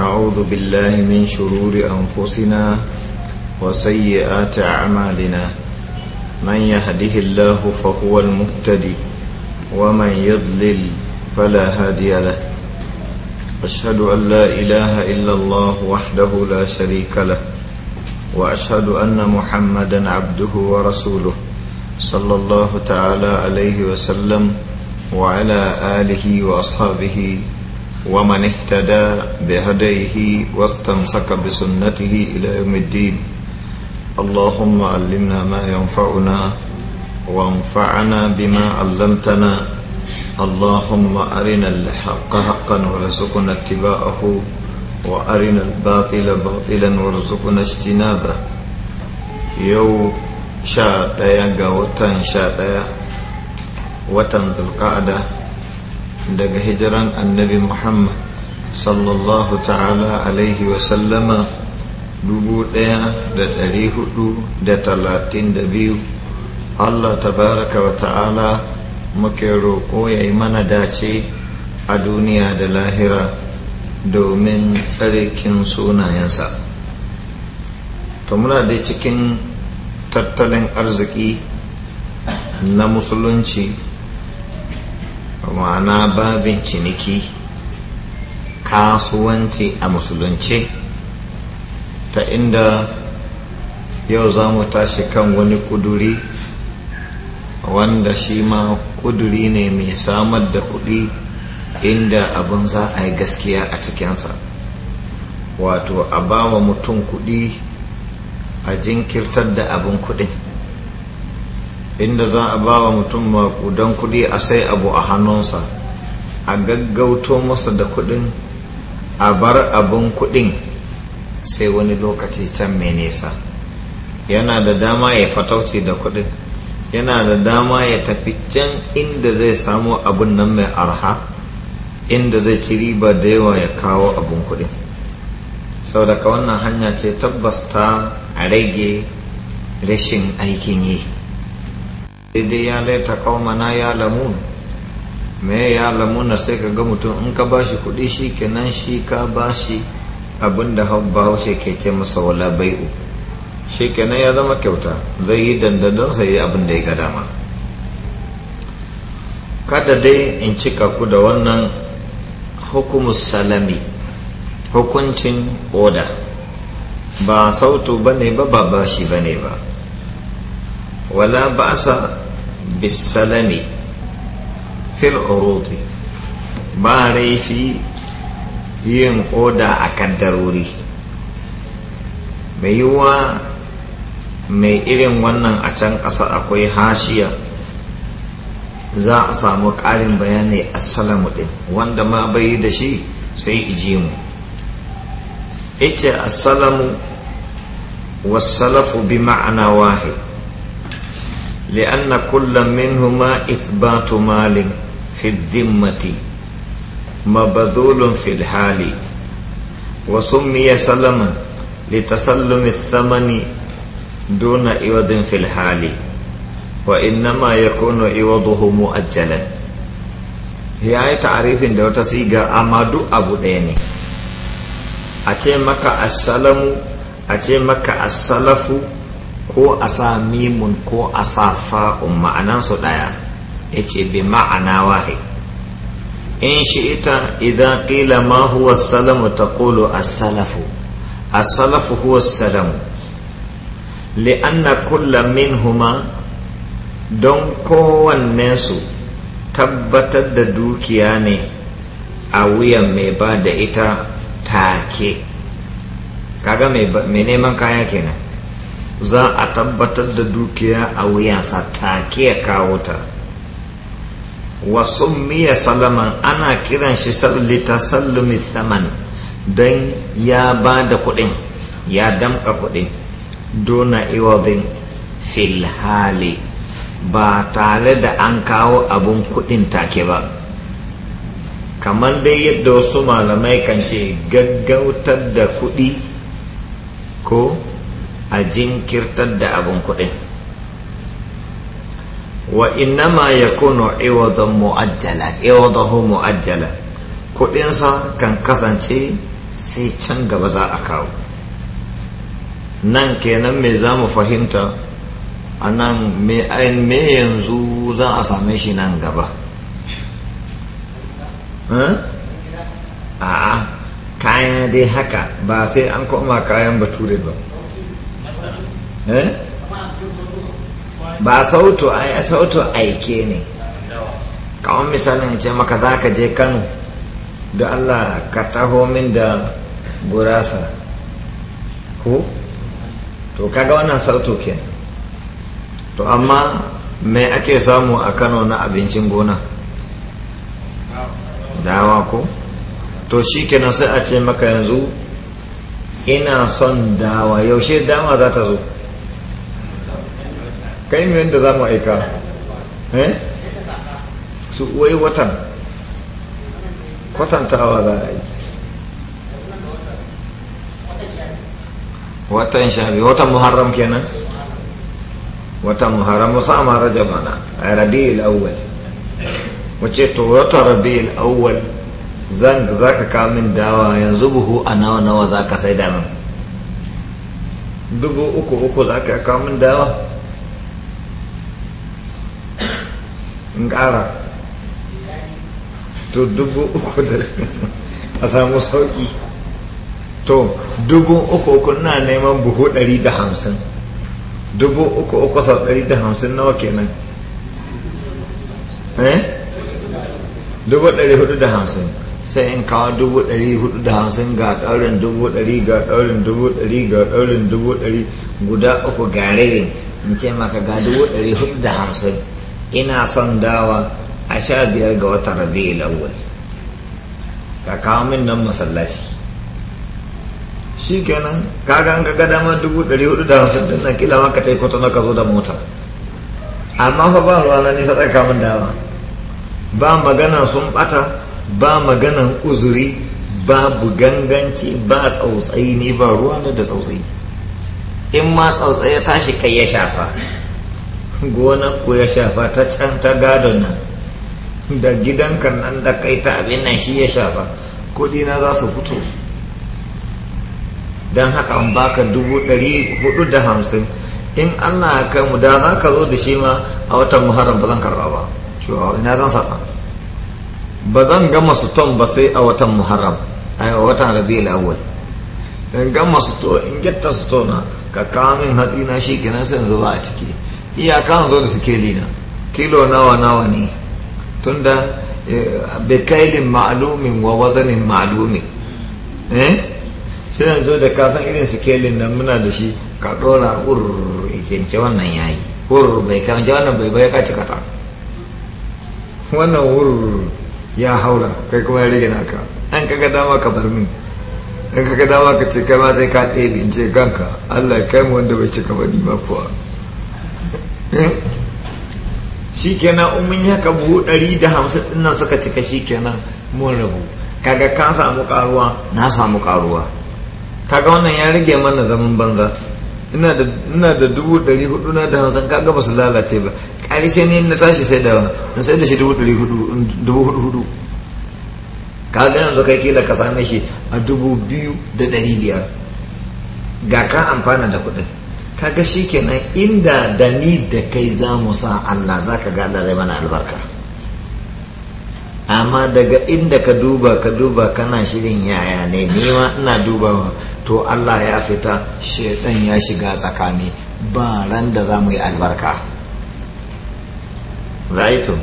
ونعوذ بالله من شرور أنفسنا وسيئات أعمالنا من يهده الله فهو المهتدي ومن يضلل فلا هادي له أشهد أن لا إله إلا الله وحده لا شريك له وأشهد أن محمدا عبده ورسوله صلى الله تعالى عليه وسلم وعلى آله وأصحابه ومن اهتدى بهديه واستمسك بسنته إلى يوم الدين اللهم علمنا ما ينفعنا وانفعنا بما علمتنا اللهم أرنا الحق حقا وارزقنا اتباعه وأرنا الباطل باطلا وارزقنا اجتنابه يو شاء ديا وتن شاء ديا وتن ذو القعده daga hijiran annabi muhammad sallallahu ta'ala alaihi wasallama dubu daya da dari hudu da talatin da biyu allah tabaraka wa ta'ala muke roƙo ya yi mana dace a duniya da lahira domin tsarikin sunayensa to muna da cikin tattalin arziki na musulunci ma'ana babin ciniki kasuwanci a musulunci ta inda yau za mu tashi kan wani kuduri wanda shi ma kuduri ne mai samar da kuɗi inda abin za a yi gaskiya a cikinsa wato a bawa wa mutum kudi a jinkirtar da abin kudin inda za a ba wa mutum makudan kudi a sai abu a hannunsa a gaggauto masa da kudin a bar abin kudin sai wani lokaci can mai nesa yana da dama ya fatauci da kudin yana da dama ya tafi can inda zai samu abin nan mai arha inda zai ci riba da yawa ya kawo abin kudin saboda daga wannan hanya ce tabbas ta a rage rashin aikin yi daidai ya laita na ya lamu me ya na sai ka ga mutum in ka bashi kuɗi shi kenan shi ka bashi abin da bahaushe ke ce masa wala bai'u shi kenan ya zama kyauta zai yi dandadon sai abin da ya ga dama kada dai in cika ku da wannan hukumus salami hukuncin oda ba sautu bane ba ba bashi bane ba wala ba sa. بالسلم في العروض ba laifi yin oda a kaddarori mai yiwuwa mai irin wannan a can ƙasa akwai hashiya za a samu ƙarin bayani a salamu ɗin wanda ma bai da shi sai iji mu ice assalamu wasalafu bi ma'ana wahid لأن كل منهما إثبات مال في الذمة مبذول في الحال وسمي سلما لتسلم الثمن دون عوض في الحال وإنما يكون عوضه مؤجلا هي تعريف دو تسيغا أمادو أبو ديني أتي مكا السلم أتي مكا السلف ko a sa mimun ko a sa fa'un ma'anansu ɗaya ya ce bi ma'ana wahi in shi ita idan ƙila ma huwa salamu ta kolo a salafu a salafu huwa salamu na kulla min huma don kowanne su tabbatar da dukiya ne a wuyan mai ba da ita take kaga mai neman kaya kenan za a tabbatar da dukiya a wuya sa take ya kawo ta wasu miya salaman ana kiran shi sallita sallumi saman don ya ba da kuɗin ya damka kuɗin dona iwadin filhali ba tare da an kawo abun kuɗin take ba kamar dai yadda wasu malamai kan ce gaggautar da kuɗi ko a jinkirtar da abin kuɗi wa ma ya kuno iwadon mu'ajjala iwadahu mu'ajjala kuɗinsa kan kasance sai can gaba za a kawo nan kenan me za mu fahimta a nan me yanzu za a same shi nan gaba a'a kayan dai haka ba sai an koma kayan bature ba Eh? ba sautu yi sautu aike ne kawon misalin ce maka za ka je kano da allah ka taho min da gurasa ko to kaga wannan sautu ke to amma mai ake samu a kano na abincin gona dawa ko to shi kenan sai a ce maka yanzu ina son dawa yaushe dama za ta zo kai mu yadda za mu aika eh? su wai watan kwatantawa za a yi watan shabi watan muharram kenan watan muharram wasu amara jamana a rabi'il auwal. wace to wata rabi'il auwal? zan za ka kamin dawa yanzu buhu a nawa nawa za ka sai damin dubu uku uku za ka kamin dawa in kara to dubu uku da a samu sauki to dubu uku uku na neman buhu ɗari da hamsin dubu uku uku sau ɗari da hamsin nawa kenan eh dubu ɗari hudu da hamsin sai in kawo dubu ɗari hudu da hamsin ga ɗaurin dubu ɗari ga ɗaurin dubu ɗari ga ɗaurin dubu ɗari guda uku ga in ce maka ga dubu ɗari hudu da hamsin ina son dawa a sha biyar ga watan rabi lawal ka kawo min nan masallaci shi kenan ka an ga dama dubu ɗari hudu da hamsin din na kila maka ta yi kwatano ka zo da mota amma fa ba ruwa na nisa tsaka min dawa ba magana sun bata ba maganan uzuri babu ganganci ba tsautsayi ne ba ruwa da tsautsayi in ma tsautsayi ya tashi kai ya shafa gonar ku ya shafa ta can ta gadon nan da gidan kan nan da kai ta abin nan shi ya shafa kudi na za su fito don haka an baka dubu ɗari hudu da hamsin in allah ya kai mu da za ka zo da shi ma a watan muharram ba zan karba ba cewa ina zan sata ba zan gama su ton ba sai a watan muharram a watan rabi awwal in gama su to in getta su tona ka kawo min hatsi na shi kenan sai zuba a ciki iyakan zo da sikeli na kilo nawa nawa ne tun tunda eh, bekailin ma'alumin wa wazanin ma'alumin eh sai yanzu da kasan irin sikelin nan muna da shi ka dora urr ikence wannan yayi urr bai kamce wannan bai bai ka cika ta wannan urr ya haura kai kuma ya rage naka an kaga dama ka bar min an kaga dama ka ce kai ma sai ka ɗebe in ce kanka Allah ya kai mu wanda bai cika ba ni ba kuwa shi kenan umin ya ka buhu ɗari da hamsin ɗinnan suka cika shi kenan mun rabu kaga ka samu karuwa na samu karuwa kaga wannan ya rage mana zaman banza ina da ina da dubu ɗari hudu na da hamsin kaga ba su lalace ba ƙarshe ne na tashi sai da sai da shi dubu ɗari hudu dubu hudu hudu kaga yanzu kai kila ka same shi a dubu biyu da ɗari biyar ga ka amfana da kuɗin kaga shi kenan inda da ni da kai za mu sa Allah za ka ga Allah zai mana albarka amma daga inda ka duba ka duba kana shirin yaya ne nima ina duba to Allah ya fita shaidan ya shiga tsakani ba ran da za mu yi albarka raito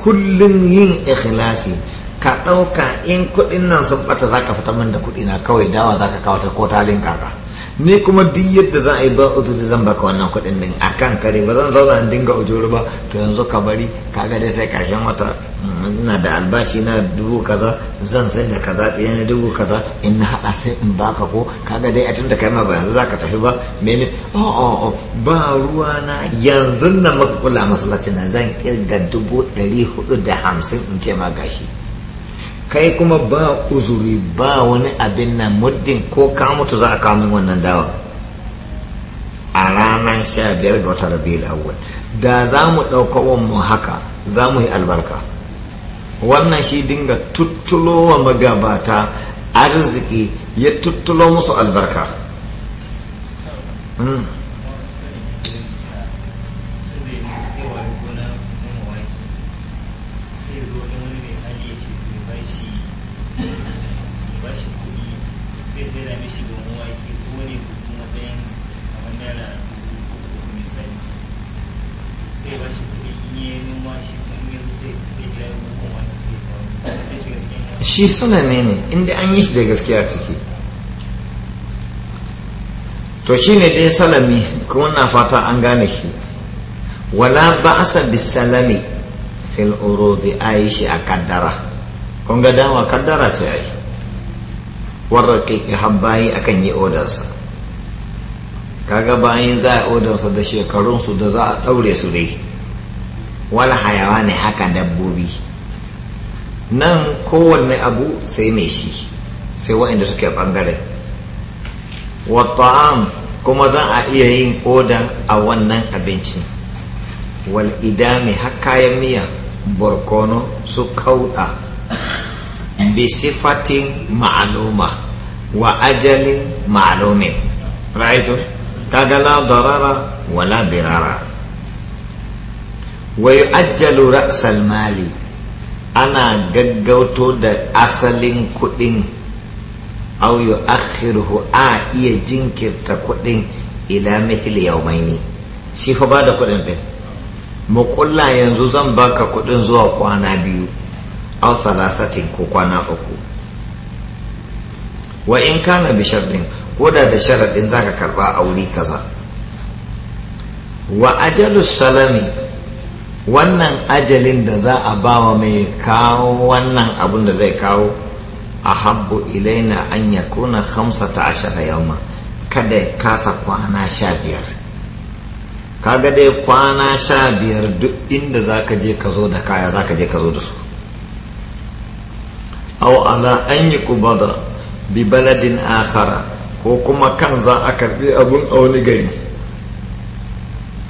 kullum yin ikhlasi ka ɗauka in kuɗin nan sun ɓata za ka fita min da kuɗi na kawai dawa za ka kawata ko talin kaka ni kuma duk yadda za a yi ba uzuri zan baka wannan kuɗin din a kan kare ba zan zauna in dinga ujuru ba to yanzu ka bari ka ga sai karshen wata mm, ina da albashi na dubu kaza zan sai da kaza ɗaya na dubu kaza in na haɗa sai in baka ko kaga dai a tunda kai ma ba yanzu za ka tafi ba mene o oh, o oh, o oh, ba ruwa na yanzu na maka kula masallacin na zan kirga dubu ɗari hudu da hamsin in ce ma gashi kai kuma ba uzuri ba wani abin nan muddin ko ka mutu za a kamin wannan dawa a ranar sha biyar ga wata rabi'ul awwal da za mu ɗauka mu haka za mu yi albarka wannan shi dinga tuttulo wa magabata arziki ya tuttulo musu albarka hmm. shi suna mene inda an yi shi da gaskiya ciki to shi ne dai salami kuma na fata an gane shi wala bi salami fil urudi ayi shi a kaddara kun ga dawa kaddara ce yi warra keke habbayi akan yi odarsa kaga bayan za a odarsa da shekarunsu da za a ɗaure su dai wala hayawa ne haka dabbobi nan kowanne abu sai mai shi sai wa'inda suke bangare wata'am kuma zan a iya yin oda a wannan abinci. wal idami har kayan miya borkono su kauɗa bisifatin ma'aluma wa ajalin ma'alumin raito kaga la darara wala dirara wa yu'ajjalu ra'sal mali ana gaggauto da asalin kudin auyo akhiruhu a iya jinkirta kudin ila mithil yaumaini shi fa ba da kudin din mukulla yanzu zan baka kudin zuwa kwana biyu aw salasatin ko kwana uku wa in kana bi din ko da da sharaɗin zaka karba aure kaza wa ajalus salami wannan ajalin da za a ba wa mai kawo wannan abun da zai kawo a habbu ilaina an ya kuna hamsa ta ashara yamma kada ya kasa kwana sha biyar kaga dai kwana sha biyar duk inda za ka je ka zo da kaya za ka je ka zo da su au ala an yi kubada bi baladin akhara ko kuma kan za a karbi abun a wani gari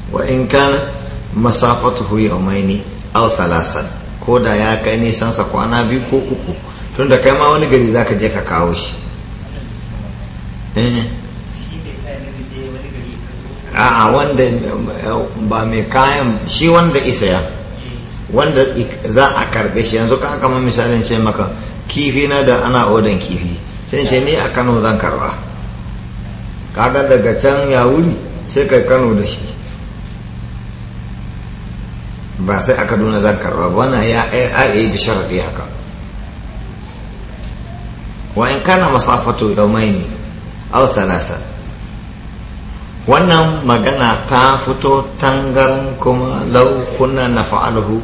wa in kana masafatuhu ni al thalasan ko da ya kai nisan sa kwana biyu ko uku tun da kai ma wani gari za ka je ka kawo shi eh. a wanda ba mai kayan shi wanda isa ya wanda za a karbe shi yanzu kan kama misalin ce maka kifi na da ana odan kifi sai ce ni a kano zan karba kaga daga can ya wuri sai kai kano da shi ba sai a kaduna zan ba wannan ya yi da sharaɗi haka wa in kana masafatu yawmaini aw thalasa wannan magana ta fito tangaran kuma law kunna nafa'aluhu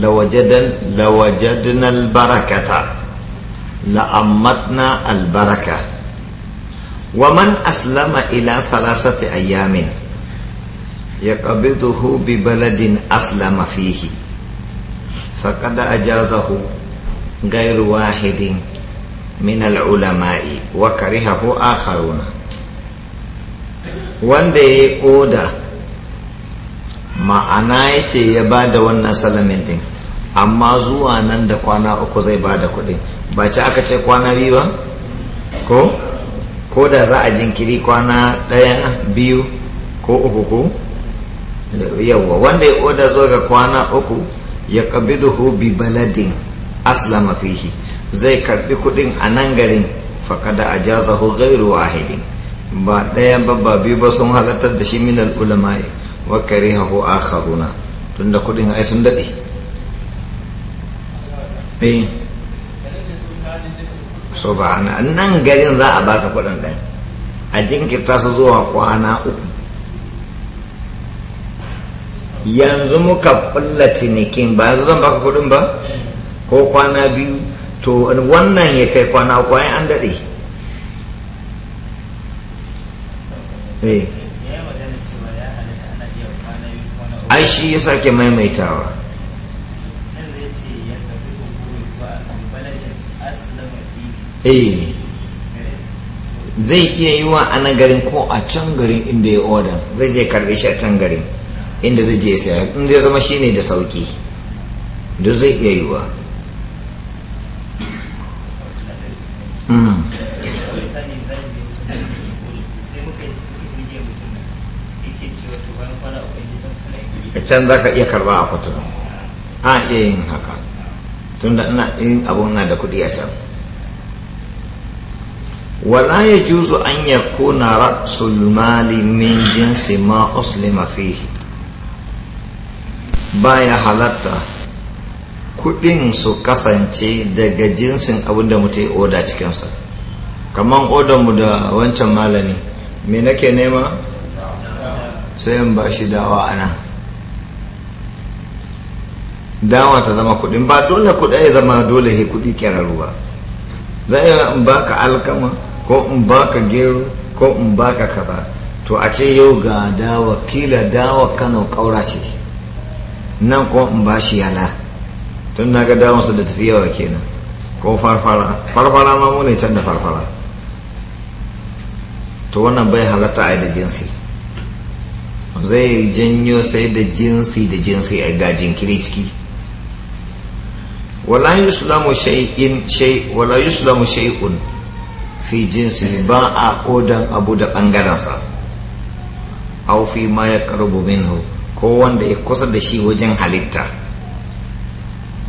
lawajadan lawajadna albarakata la'ammatna albaraka wa man aslama ila salasati ayyamin ya ƙabidu bi baladin aslama fihi faƙada a jazahu gairu wahidin min al’ulama’i wa a akharuna wanda ya yi oda ma'ana ya ce ya ba da wannan salamin ɗin amma zuwa nan da kwana uku zai ba da kudin ba ci aka ce kwana biyu ba ko ko da za a jinkiri kwana ɗaya biyu ko uku ko yawwa wanda ya oda zo ga kwana uku ya duhu bi baladin aslama fihi zai karbi kudin a nan garin fakada gairu a wahidin ba daya babba biyu ba sun halartar da shi min ulama'i wa karihahu akharuna da kudin ai sun dade eh. so ba nan garin za a baka kudin din a jinkirta su zuwa kwana uku yanzu muka kulla cinikin ba yanzu zan baka kudin ba ko kwana biyu to wannan ya kai kwana kwayan an daɗe eh. ai shi ya sake maimaitawa eh zai iya yi wa a garin ko a can garin inda ya odan zai je karbe shi a can garin inda zai je saya in zai zama shine da sauki duk zai iya yiwa hmm. can za ka iya karba a kwatano a iya yin haka tun da ina yin abu na da kuɗi a can wala ya juzu an yakuna ra'sul mali min jinsi ma uslima fihi baya halatta kudin su kasance daga jinsin abinda mutum ya oda cikinsa kamar odonmu da wancan malami me nake nema sai in ba shi dawa ana dawa ta zama kudin ba dole kudi ya zama dole he kudi keraru ba zai in ba ka alkama ko in ba ka gero ko in ba ka kaza to a ce yau ga dawa kila dawa kano kaura ce nan kuma in ba shi yala tun na ga damarsa da tafi yawa kenan ko farfara farfara ma mu ne can da farfara to wannan bai halatta a da jinsi zai janyo sai da jinsi da jinsi a gajin kiri ciki wala yi shay'in shay fi jinsi ba a kodan abu da bangaren sa ma fi ma min hau ko wanda ya kusa da shi wajen halitta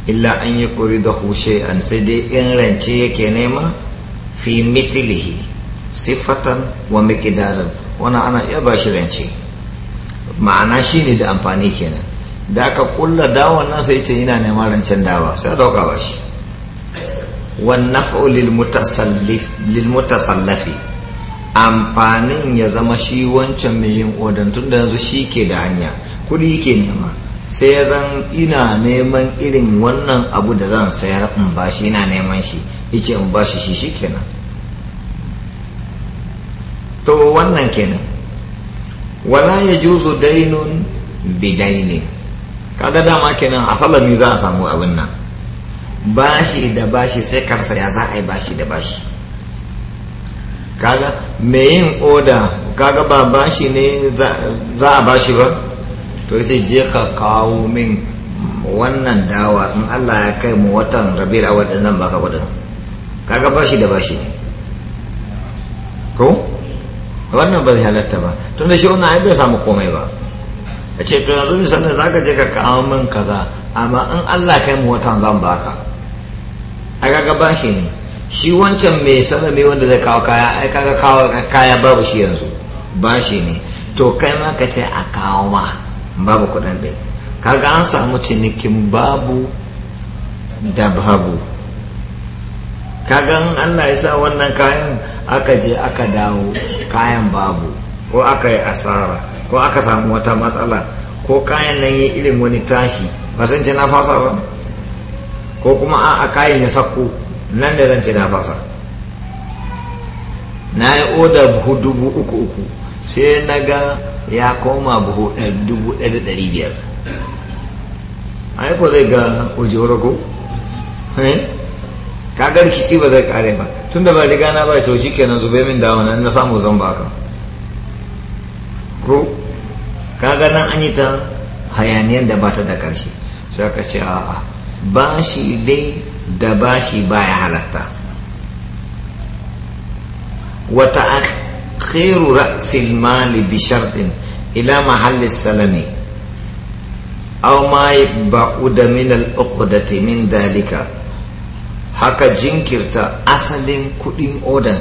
illa an yi kuri da hushe an sai dai in rance yake nema fi mithilihi siffatan wa mikidaran wani ana iya ba shi rance ma'ana shi ne da amfani kenan da aka kulla dawon nasa ya ce ina neman rancen dawa sai dauka ba shi والنفع للمتسلف amfanin ya zama shi wancan mai yin odan tun da yanzu shi ke da hanya kuɗi ke nema sai ya zan ina neman irin wannan abu da zan sayar in bashi ina neman shi ice in bashi shi shi kenan to wannan kenan wala ya juzu dainun bidainin kaga dama kenan a salami za a samu abin nan bashi da bashi sai karsa ya za a yi bashi da bashi kaga mai yin oda kaga ba bashi ne za a bashi ba to sai je ka kawo min wannan dawa in Allah ya kai mu watan rabi'ul awwal din nan baka gudun kaga bashi da bashi ne ko wannan ba zai halatta ba tun da shi wannan ai bai samu komai ba a ce to yanzu za ka je ka kawo min kaza amma in Allah ya kai mu watan zan baka a kaga bashi ne shi wancan mai sanami wanda zai kawo kaya ai kaga kawo kaya babu shi yanzu bashi ne to kai ma ka ce a kawo ma babu kudin ɗin kaga an samu cinikin babu da babu kaga an allah ya sa wannan kayan aka je aka dawo kayan babu ko aka yi asara ko aka samu wata matsala ko kayan nan yi irin wani tashi ba san ce na fasa ba ko kuma a kayan ya sakko nan da zan ce na fasa na yi odar hudu uku uku sai na ga ya koma buhu dubu biyar ai zai ga kagar kisi eh? ba zai kare ba tun da ba riga na ba to shi kenan zube min da wannan na samu zan ba ka ko kaga nan an yi ta hayaniyar da ba ta da karshe sai ka ce a'a shi dai da bashi baya halatta wata تأخير رأس المال بشرط إلى محل السلم أو ما يبعد من الأقدة من ذلك haka jinkirta asalin kudin odan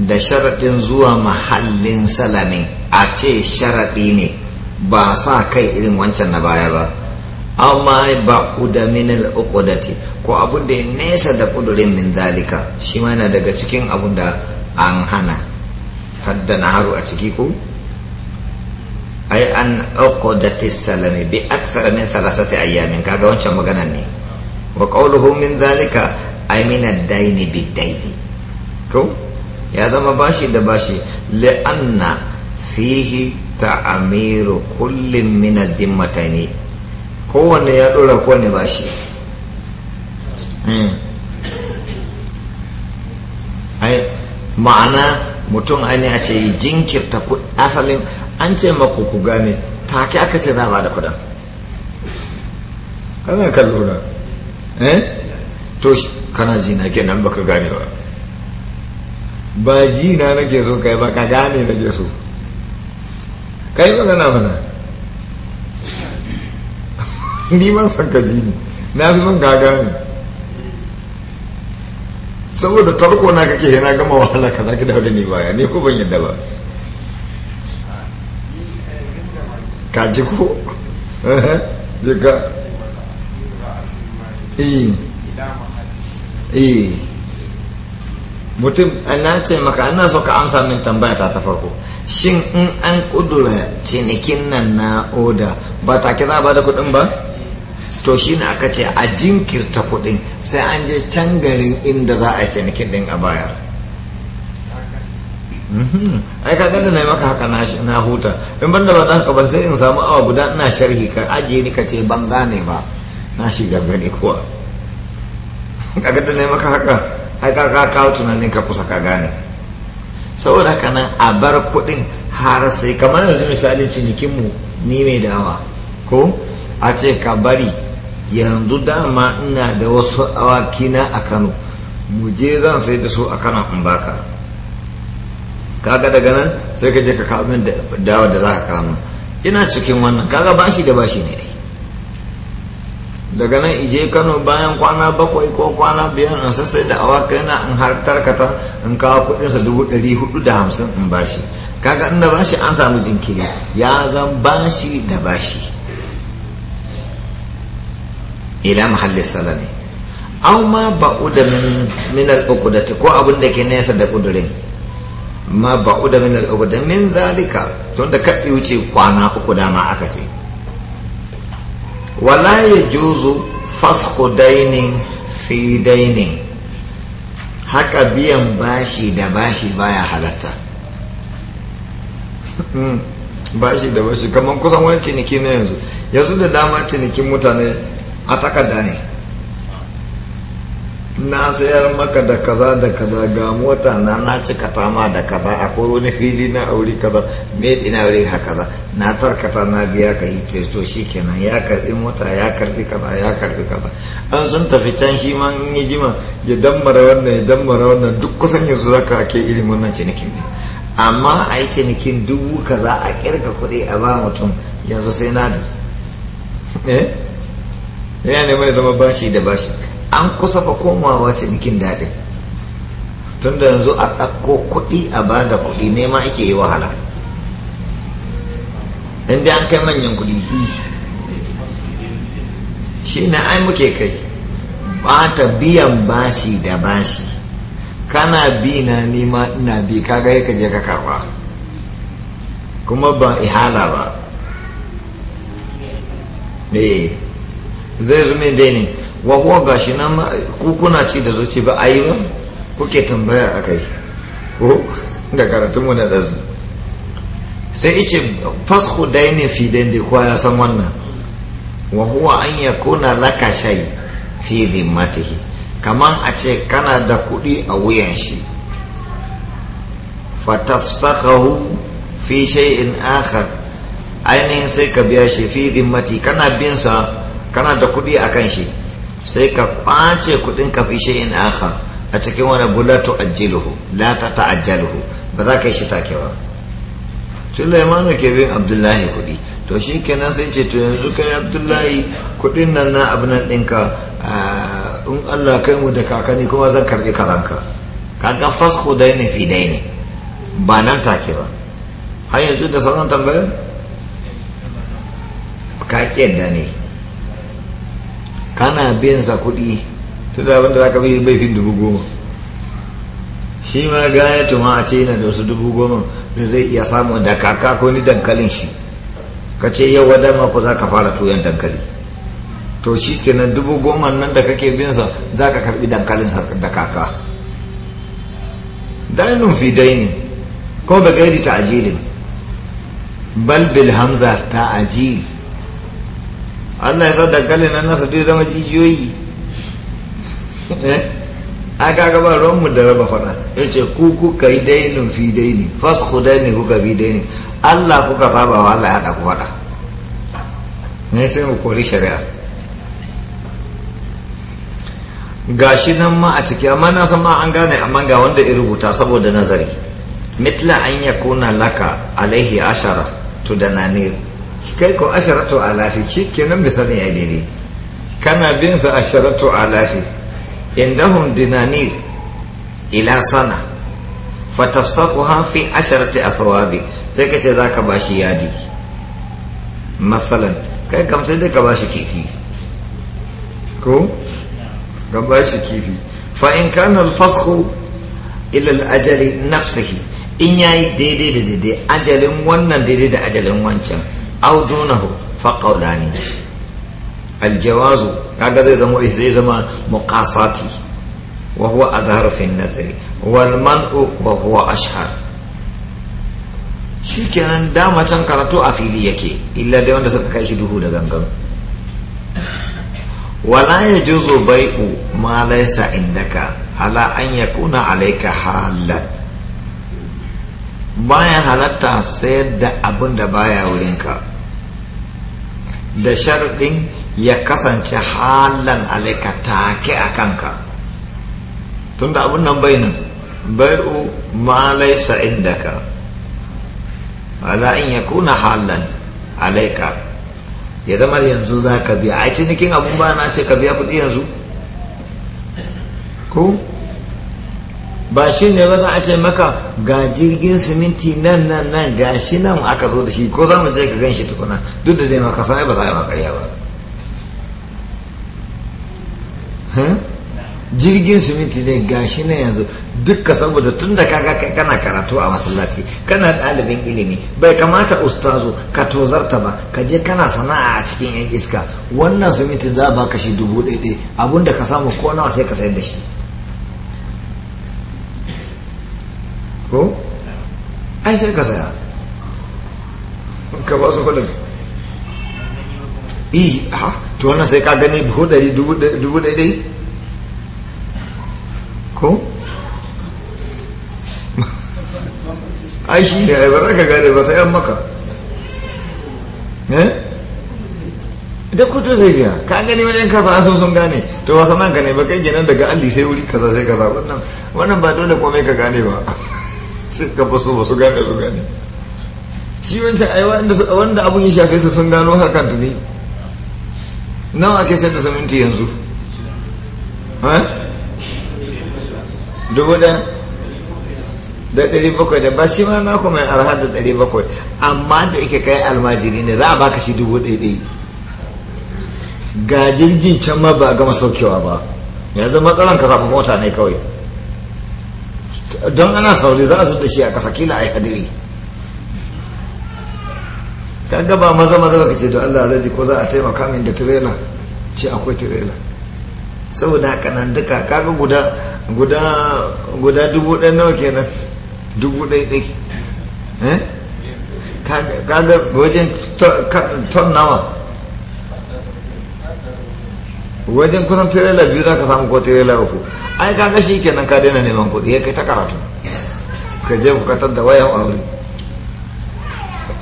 da sharaɗin zuwa mahallin salamin a ce sharaɗi ne ba sa kai irin wancan na baya ba amma ba da ko abun da ya nesa da kudurin min dalika shi ma yana daga cikin abun da an hana hadda na haru a ciki ko ai an da salami bi tsaramin min thalathati ayyamin kaga wancan magana ne wa qawluhu min zalika ay min ad-dayn ko ya zama bashi da bashi li'anna fihi amiru kullum mina ad ne kowanne ya ɗora kowanne bashi hmm. ai ma'ana mutum aini a ce jinkirta asalin an ce maku ku gane ke aka ce za da kudan kana kallo na eh to kana jina kenan baka gane ba ba jina nake so kai ba ka gane ke so kai magana mana ni man san ka ji ne na fi son ka gane saboda tarko na kake yana gama wahala ka zaki da ni baya ne ko ban yadda ba ka ji ko eh, je ka eh. Eh. mutum na ce maka ana so ka amsa min tambaya ta ta farko shin in an kudura cinikin nan na oda ba take za ba da kudin ba to shi ne aka ce a jinkirta kuɗin sai an je can garin inda za a yi cinikin ɗin a bayar mhm. ai ka gani na maka haka na huta in ban da ba ka ba sai in samu awa guda ina sharhi ka ajiye ni ka ce ban gane ba na shiga gani kuwa ka gani na maka haka ai ka ka kawo tunanin ka kusa ka gane saboda haka nan a bar kuɗin har sai kamar yanzu misalin cinikinmu ni mai dawa ko a ce ka bari yanzu dama ina da wasu awakina a kano mu je zan sai da su a kano in baka kaga daga nan sai ka je ka kawo min dawa da za ka kama ina cikin wannan kaga bashi da bashi ne daga nan ije kano bayan kwana bakwai ko kwana biyar in sassai da awaka yana in har tarkata in kawo kudinsa dubu ɗari hudu da hamsin in bashi kaga inda bashi an samu jinkiri ya zan bashi da bashi ila mahallin salami aw ma ba'uda min al-uqdati ko da ke nesa da kudurin ma ba'uda min al-uqdati min zalika da wuce kwana uku dama aka ce fasxu haka biyan bashi da bashi baya halatta hmm. bashi da bashi kamar kusan wani ciniki na yanzu yanzu da dama cinikin mutane a takarda ne na sayar maka da kaza da kaza ga mota na na cika tama da kaza a akwai wani fili na auri kaza mai dina aure ha kaza na tarkata na biya ka yi ceto shi kenan ya karbi mota ya karbi kaza ya karbi kaza an sun tafi can shi ma in yi jima ya dammara wannan ya dammara wannan duk kusan yanzu zaka ake irin wannan cinikin ne amma a yi cinikin dubu kaza a kirka kuɗi a ba mutum yanzu sai na eh ya ne mai zama bashi da bashi an kusa fa komawa cinikin daɗin tun da yanzu a ɗakko kuɗi a ba da kuɗi nema ake yi wahala inda an kai manyan kuɗi shi na ai muke kai ba ta biyan bashi da bashi kana bi na nema na bi kaga ka je ka karba kuma ba ihala ba eh zai zume dainin wa kuwa gashi nan kuna ci da zuci ba a yi ba kuke tambaya a kai ko da karatun mu na ɗazu sai ice fasko dainin fi da kuwa ya san wannan wa an ya kuna laka shai fi zimmatihi kamar a ce kana da kuɗi a wuyan shi fatafsakahu fi shay'in akhar ainihin sai ka biya shi fi zimmati kana bin sa kana da kuɗi a kan shi sai ka kwace kuɗin ka fi shi in a cikin wani bulatu tu'ajjiluhu la ta ta'ajjaluhu ba za ka yi shi take ba Sulaimanu ke bin Abdullahi kuɗi to shi kenan sai ce to yanzu kai Abdullahi kuɗin nan na abin nan ɗinka ah, in Allah kai mu da kakani kuma zan karɓi kazanka kaga fasko ne fi ne ba nan take ba har yanzu da sauran tambayar ka ƙi ne kana biyan sa kuɗi tun da abinda zaka bi bai fi dubu goma shi ma gaya tuma a ce yana da wasu dubu goma da zai iya samu da kaka ko ni dankalin shi ka ce yau wada ma ku za ka fara tuyan dankali to shi kenan dubu goma nan da kake bin sa za ka karbi dankalin sa da kaka dainun fi daini ko ba gaidi ta ajilin bal bil hamza ta ajil Allah ya sa dankalin nan nasa duk zama jijiyoyi eh? a kaga ba mu da raba fada ya ce ku kuka yi dainin fi daini fasku daini kuka fi daini Allah kuka saba wa Allah ya ka ku fada ne sai mu kori shari'a gashi nan ma a ciki amma na san ma an gane amma ga wanda ya rubuta saboda nazari mitla an yakuna laka alaihi ashara to da nanir kai ko asharatu alafi shi kenan misalin ya daidai kana bin sa asharatu alafi indahum dinanir ila sana fa fatafsaquha fi asharati athwabi sai kace zaka bashi yadi masalan kai kam sai ka bashi kifi ko ka bashi kifi fa in kana al-fasxu ila al-ajali nafsihi in yayi daidai da daidai ajalin wannan daidai da ajalin wancan aw dunahu fa qawlani aljawazu kaga zai zama zai zama muqasati wa huwa azhar fi an-nazri wal man'u wa huwa ashhar shikenan dama can karatu a fili yake illa dai wanda suka kai shi duhu da gangan wala yajuzu bai'u ma laysa indaka ala an yakuna alayka halal. baya halatta sayar da abin da baya wurinka da sharɗin ya kasance halan alaika take a kanka tunda abun nan bai nan bai u ma laisa ka ala in ya kuna halan alaika ya zama yanzu za ka biya a cinikin abun ba na ce ka biya kuɗi yanzu Ku? ba shi ne ba za a ce maka ga jirgin siminti nan nan nan ga shi nan aka zo da shi ko za mu je ka gan shi tukuna duk da dai maka sai ba za a yi makarya ba jirgin siminti ne ga shi nan yanzu dukka saboda tun da kaga kai kana karatu a masallaci kana ɗalibin ilimi bai kamata ustazu ka tozarta ba ka je kana sana'a a cikin yan iska wannan siminti za ba ka shi dubu ɗaya abun ka samu ko nawa sai ka sayar da shi ko ai sai ka saya ka ba su kudin i ha to wannan sai ka gani buhu ɗari dubu ɗaiɗai ko ai shi ne ba za ka gane ba sai an maka eh da kudu zai biya ka gani wajen kasa an so sun gane to wasan nan ka ne ba kai gina daga alli sai wuri kaza sai kaza wannan wannan ba dole komai ka gane ba sai ka basu ba su gane su gane shi wancan ai wanda abin ya shafe su sun gano harkar tuni nawa ake sayar da saminti yanzu dubu da da ɗari bakwai da ba shi ma na kuma arha da ɗari bakwai amma da ike kai almajiri ne za a baka shi dubu ɗaya ɗaya ga jirgin can ma ba a gama saukewa ba yanzu matsalan ka zaɓi mota ne kawai don ana sauri za a su da shi a kasa kila a yi hadiri ta gaba maza maza ka ce don allah zai ko za a taimaka min da tirela ce akwai tirela saboda haka nan duka kaga guda guda guda dubu ɗaya nawa kenan dubu ɗaya ɗai eh? kaga wajen ton nawa wajen kusan tirela biyu za ka samu ko tirela uku ai ka gashi kenan ka daina neman kuɗi ya kai ta karatu ka je ku katar da wayan aure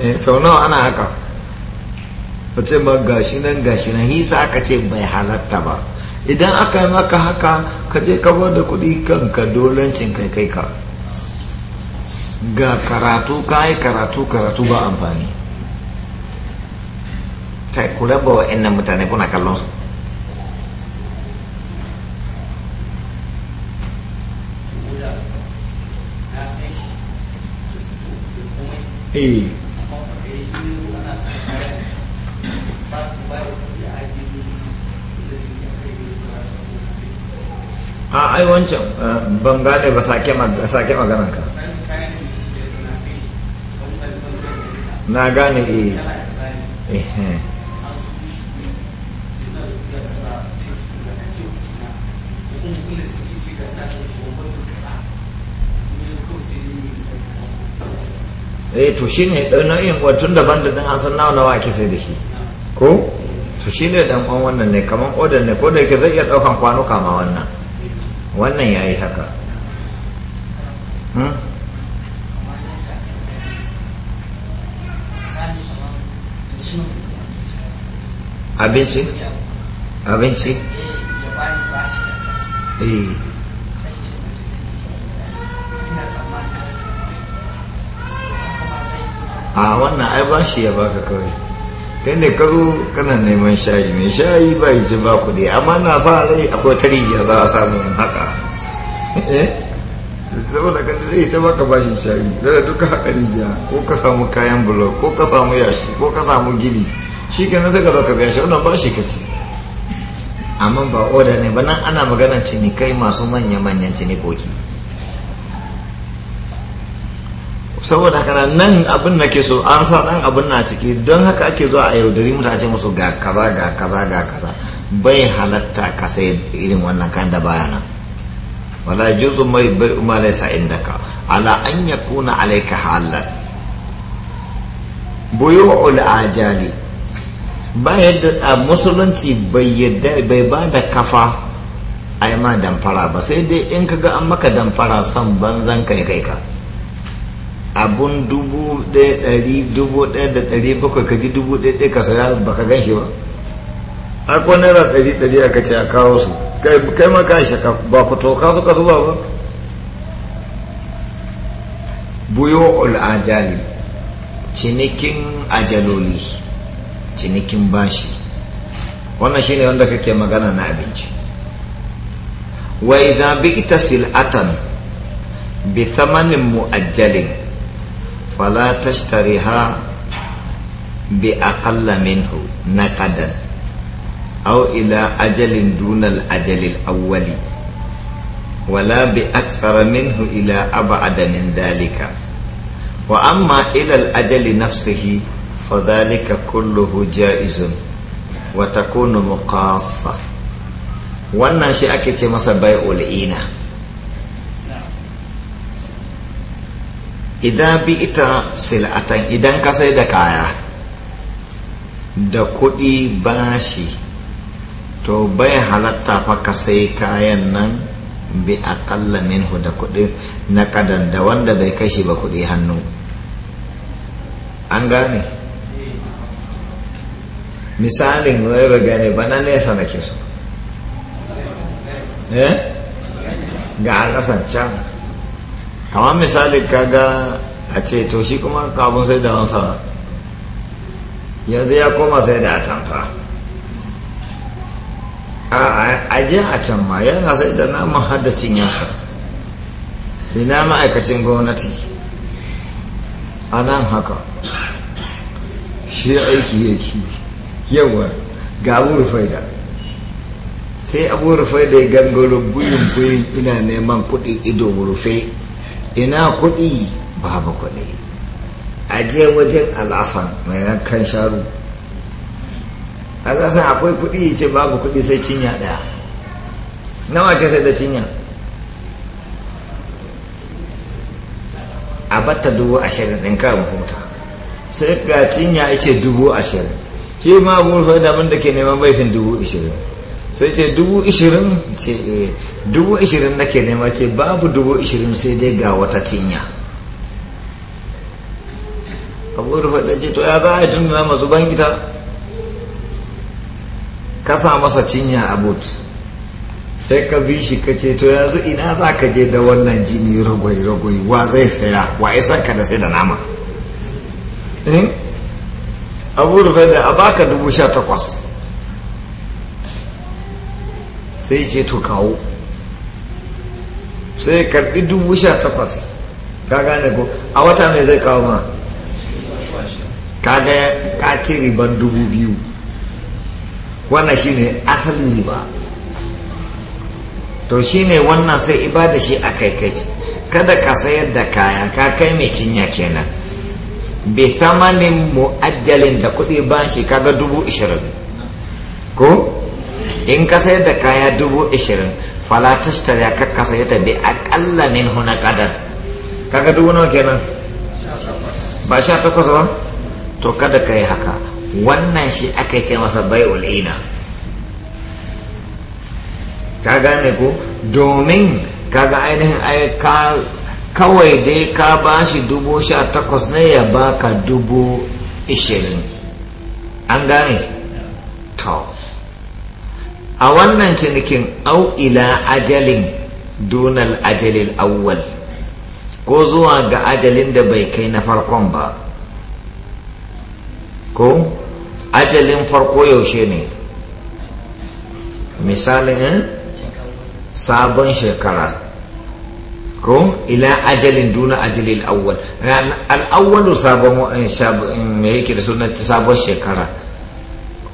eh, sau nawa ana haka ta ce ma gashi nan gashi nan hisa aka ce bai halatta ba idan aka yi maka haka ka je ka bar da kuɗi kanka dolancin kai kai ka ga karatu ka yi karatu karatu ba amfani ta kula ba wa'annan mutane kuna kallon su Eh. a ah, ai wancan ah, ban gane ba sake maganan ka na gane eh, eh, eh. eh to shine dan nau'in watun daban da dan hasan nawa nawa ake sai da shi ko to shine dan kwan wannan ne kaman odan ne ko da yake zai iya daukan kwanuka ma wannan wannan yayi haka hmm? abinci abinci eh a wannan ai ba shi ya baka kawai kai ne ka kana neman shayi mai shayi ba yi ba kuɗi amma na sa rai akwai ya za a samu yin haka eh? saboda kan zai ta baka bashin shayi zai duka haka rijiya ko ka samu kayan bulok ko ka samu yashi ko ka samu gini shi ka nasa ka zaka biya shi wannan ba shi ka ci amma ba oda ne ba nan ana cini kai masu manya-manyan cinikoki saboda haka nan abin na ke so an sa dan abin na ciki don haka ake zuwa a yaudari mutu a ce musu ga kaza ga kaza ga kaza bai halatta ka sai irin wannan kan da baya nan wala juzu mai bai sa inda ka ala an yakuna alayka halal buyu'ul ajali ba yadda a musulunci bai yadda bai ba da kafa a yi ma damfara ba sai dai in ka ga an maka damfara son banzan kai kai ka abun dubu ɗaya ɗari dubu ɗaya da ɗari bakwai ka ji dubu ɗaya ɗaya ka saya ba ka gan shi ba akwai naira ɗari ɗari aka ce a kawo su kai ma ka shi ba ku toka su ka zuwa ba buyo ul'ajali cinikin ajaloli cinikin bashi wannan shine wanda kake magana na abinci wa idza ita sil'atan bi thamanin mu'ajjalin فلا تشتريها بأقل منه نقدا أو إلى أجل دون الأجل الأول ولا بأكثر منه إلى أبعد من ذلك وأما إلى الأجل نفسه فذلك كله جائز وتكون مقاصة wannan shi ake ce masa bai'ul ina idan bi ita sil'atan idan ka sai da kaya da kuɗi bashi to bai halatta fa ka sai kayan nan bi aƙalla minhu da kuɗi na kadan da wanda bai kashi ba kuɗi hannu an gane misalin wai ba gane ba na nesa na ke so eh? ga alasan can kamar misali kaga a ce to shi kuma kabin sai da wansa yanzu ya koma sai da atamfa a je a can ma yana sai da namun haddacin yasa ina ma'aikacin gwamnati a nan haka shi aiki yake yawa ga abu faida sai abu faida ya gangaro buyin buyin ina neman kuɗi ido rufe ina kuɗi babu kuɗi a je wajen alasan mai kan sharu alasan akwai kuɗi ce babu kuɗi sai cinya ɗaya nawa ke sai da cinya a batta dubu ashirin ɗin kayan huta sai ga cinya ce dubu ashirin shi ma murfa da da ke neman baifin dubu ashirin sai ce dubu ashirin ce eh. dubu ishirin nake nema ce babu dubu ishirin sai dai ga wata cinya abu rufe da ce to ya za a yi tun da masu bangita sa masa cinya a but sai ka bi shi ka ce to yanzu ina za ka je da wannan jini ragwai-ragwai wa zai saya wa isan ka da sai da nama eh? abu rufe da a baka dubu sha takwas sai ce to kawo sai karbi dubu sha takwas ka gane ko a wata mai zai kawo ma Ka ga ka ci riban dubu biyu wannan shine asalin riba to shine wannan sai ibada shi a kai. kada ka sayar da kaya ka kai mai cinya kenan bi thamanin mu'ajjalin da kuɗi ba shi kaga dubu ishirin ko in ka sayar da kaya dubu ishirin fala tashtari kakka sai ta bi aqalla min huna qadar kaga duk nawa kenan ba sha takwas ba to kada ka yi haka wannan shi aka ce masa bai ul'ina ka gane ko domin kaga ainihin ai ka kawai dai ka ba shi dubu sha takwas ne ya baka dubu ishirin an gane to a wannan cinikin au ila ajalin dunal ajalin awwal ko zuwa ga ajalin da bai kai na farkon ba ko ajalin farko yaushe ne misalin eh? sabon shekara ko ila ajalin duna ajalil awwal al'awwalu sabon eh, eh, yake da sunan sabon shekara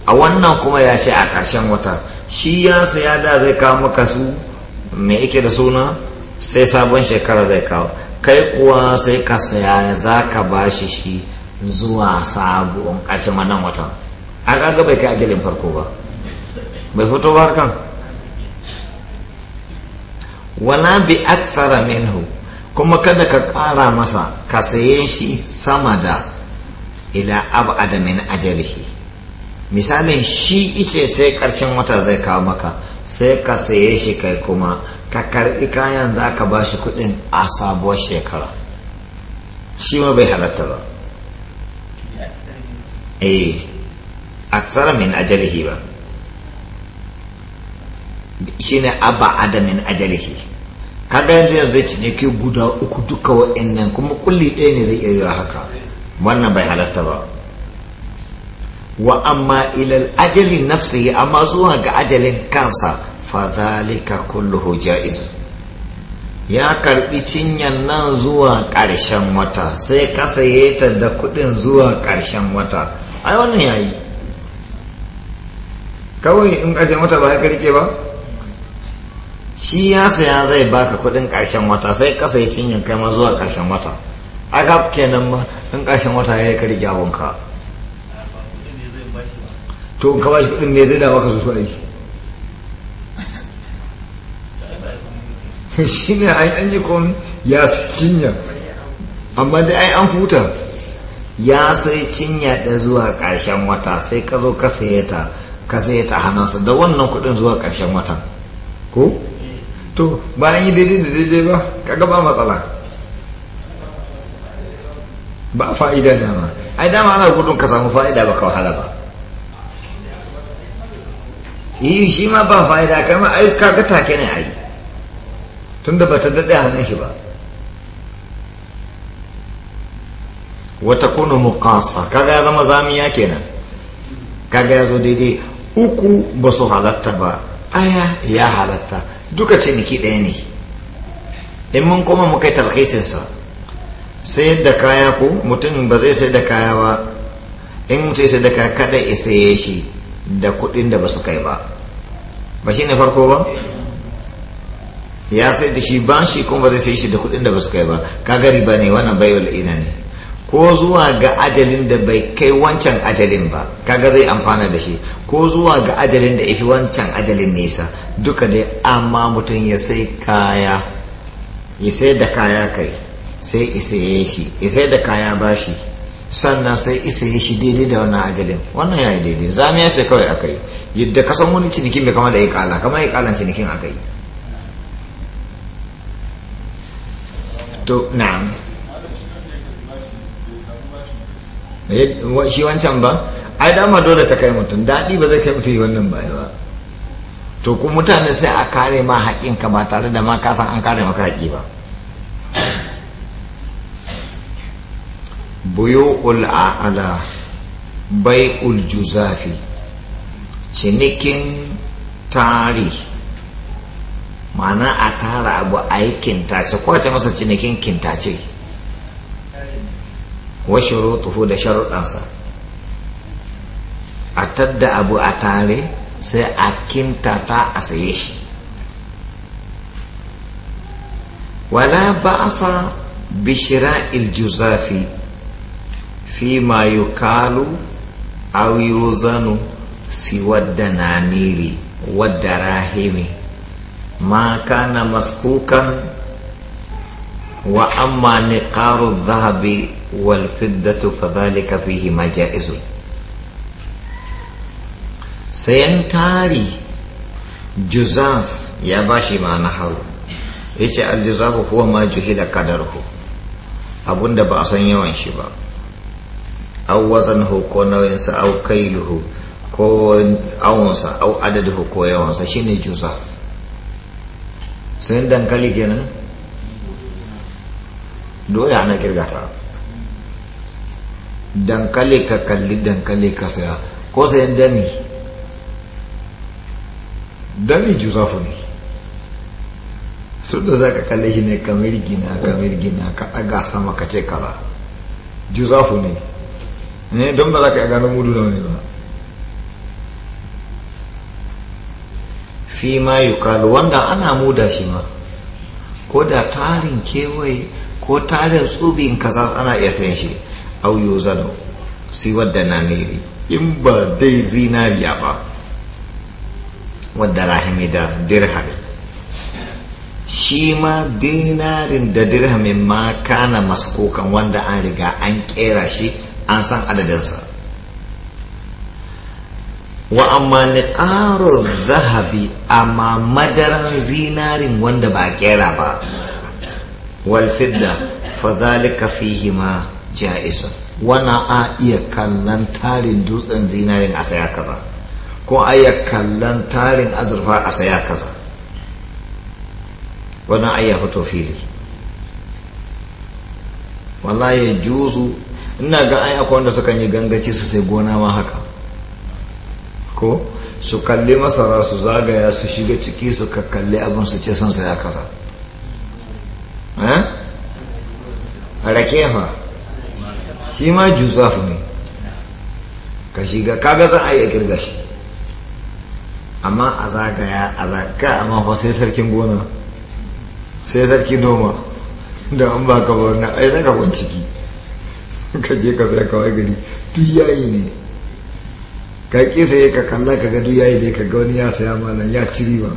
a wannan kuma ya ce a ƙarshen wata shi ya saya da zai kawo maka su mai yake da suna sai sabon shekara zai kawo kai kuwa sai ka saya za ka ba shi shi zuwa sabon ƙarshen wannan watan a kaga bai kai ajalin farko ba bai fito ba harkan? wala bi aksara minhu kuma kada ka ƙara masa ka saye shi sama da ila abu adamin ajalihi misalin shi ice sai karshen wata zai kawo maka sai ka saye shi kai kuma ka karbi kayan za ka ba shi kudin a sabuwar shekara shi ma bai halatta ba eh, A tsara min ajalihi ba Shi ne abba adamin ajalihi kaga yanzu yanzu ki guda uku duka wa'annan kuma kulli ɗaya ne zai iya haka wannan bai halatta ba wa amma ilal ajali nafsihi amma zuwa ga ajalin kansa fa zalika kulluhu jaiz ya karbi cinyan nan zuwa ƙarshen wata sai ka saye ta da kuɗin zuwa ƙarshen wata ai wannan yayi kawai in ƙarshen wata ba ka rike ba shi ya saya zai baka kuɗin ƙarshen wata sai ka sayi cinyan kai ma zuwa ƙarshen wata aka kenan ma in ƙarshen wata ya yi ka rike abunka to in ka bashi kudin ne zai dawa ka su aiki shi ne an yi komi ya sai cinya amma dai ai an huta ya sai cinya da zuwa ƙarshen wata sai ka zo ka saye ta ka saye ta hannunsa da wannan kudin zuwa ƙarshen watan ko to bayan yi daidai da daidai ba kaga ba matsala ba fa'ida dama ai dama ana gudun ka samu fa'ida ba ka wahala ba yi shi ma ba fa'ida kama ma ai kaga take ne ai tunda bata dade hannun shi ba wa takunu muqasa kaga ya zama zamiya kenan kaga ya zo daidai uku ba su halatta ba aya ya halatta duka ciniki ɗaya ne in mun kuma muka yi talhisinsa Sai da kaya ko mutum ba zai sai da kaya ba in mutum sai da kaya kada ya saye shi da kuɗin da ba su kai ba ba shi ne farko ba ya sai da shi ban shi kuma ba zai sai shi da kuɗin da basu kai ba kaga riba ne wannan bai ina ne ko zuwa ga ajalin da bai kai wancan ajalin ba kaga zai amfana da shi ko zuwa ga ajalin da ifi wancan ajalin nesa duka dai amma mutum ya sai kaya ya sai da kaya kai sai isa ya shi ya sai da kaya bashi sannan sai isa ya shi daidai da wannan ajalin wannan ya yi daidai zami ya ce kawai aka yi yadda kasan wani cinikin bai kama da ya kala kama ya kala cinikin aka yi to shi wancan ba ai dama dole ta kai mutum daɗi ba zai kai mutum yi wannan ba ba to ku mutane sai a kare ma haƙinka ba tare da ma kasan an kare maka haƙi ba buyu'ul a'ala bai'ul juzafi cinikin tari ma'ana a tara abu a yi kintace kwace masa cinikin kintace washe tufu da sharuɗansa a tadda abu a tare sai a kintata a saye shi wala ba'asa bishira iljuzafi fi ma kalu aw yuzanu zanu si wadda rahimi ma kana maskukan wa amma ni karu zahabi wal fiddatu kadhalika fihi majaizu sayan tari juzaf ya bashi ma na hau yace ce juzafu kuwa ma juhila kadarhu, abunda ba a san yawan shi ba au wazanhu ko nauyinsa au kailuhu ko awonsa au adadihu ko yawansa shine juza sai dankali kenan doya na kirgata dankali ka kalli dankali ka saya ko sayan dami dami jusafu ne su da za ka kalli shi ne kamar gina kamar gina ka ɗaga sama ka ce kaza juzafu ne ne don ba za ka gano mudu da wani ba fi ma kalu wanda ana muda shi ma ko da tarin kewaye ko tarin tsubin kaza ana iya sayan shi au zano si wadda na neri in ba dai zinariya ba wadda rahimi da dirhami shi ma dinarin da dirhamin ma kana maskokan wanda an riga an kera shi an san adadinsa wa amma niƙarar zahabi amma madaran zinarin wanda ba kera ba walfidda fadhalika fihi ma ja'isun wana a iya kallon tarin dutsen zinarin a saya kaza ko a iya kallon tarin azurfa a saya kaza wana a iya fito fili wallahi juzu ina ga ai akwai wanda sukan yi gangaci su sai gona ma haka ko su kalli masara su zagaya su shiga ciki su kakalli abin su ce son saya kasa eh? rake ha shi ma jusaf ne ka shiga kaga zan ayi a kirga shi amma a zagaya a zaka amma fa sai sarkin gona sai sarki noma da an baka ba na ai zaka kun ciki ka je ka sai kawai gari duk yayi ne ka ƙi saye ka kalla ka ga duk yayi ne ka ga wani ya saya malam ya ci riba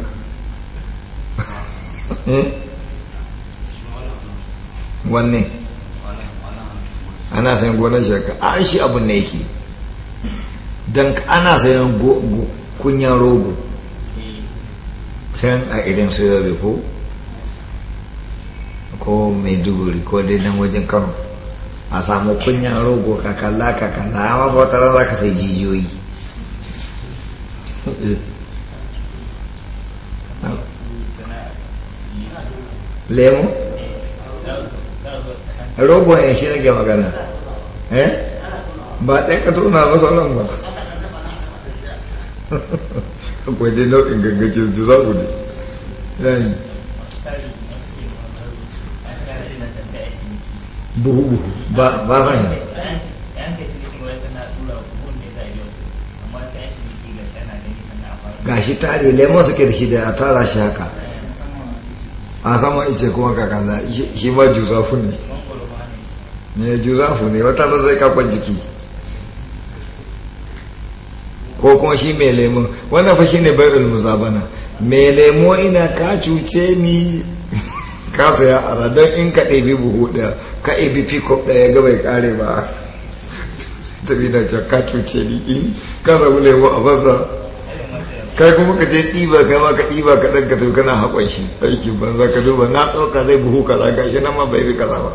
eh? wanne ana sayan gonar shaka a shi abin na yake don ana sayan kunyan rogo Can a idan su yabe ko ko dubu ko dai nan wajen kano a samu kunyan rogo ka kalla ka kalla amma ba wata za ka sai jijiyoyi Lemu, rogo ya shi rage magana eh ba ɗaya ka tuna ba sauran ba akwai dai nau'in gangace su za ku ne yayi buhu buhu ba ba zan yi gashi tare lemon suke da shi da a tara shi haka a sama ice kuma kakana shi ma juzafu ne ne juzafu ne wata da zai karfa jiki ko kuma shi mai lemon wannan fa shi ne bayar muzabana mai lemo ina ka cuce ni ka saya a radar in ka ɗabi buhu ɗaya ka ɗabi pickup ɗaya ga bai kare ba bi da ka cuce ni in ka samu lemu a fasa kai kuma ka je ɗiba kai ma ka ɗiba ka ɗan ka tafi kana haƙon shi aikin banza ka duba na ɗauka zai buhu kaza ga shi nan ma bai bi kaza ba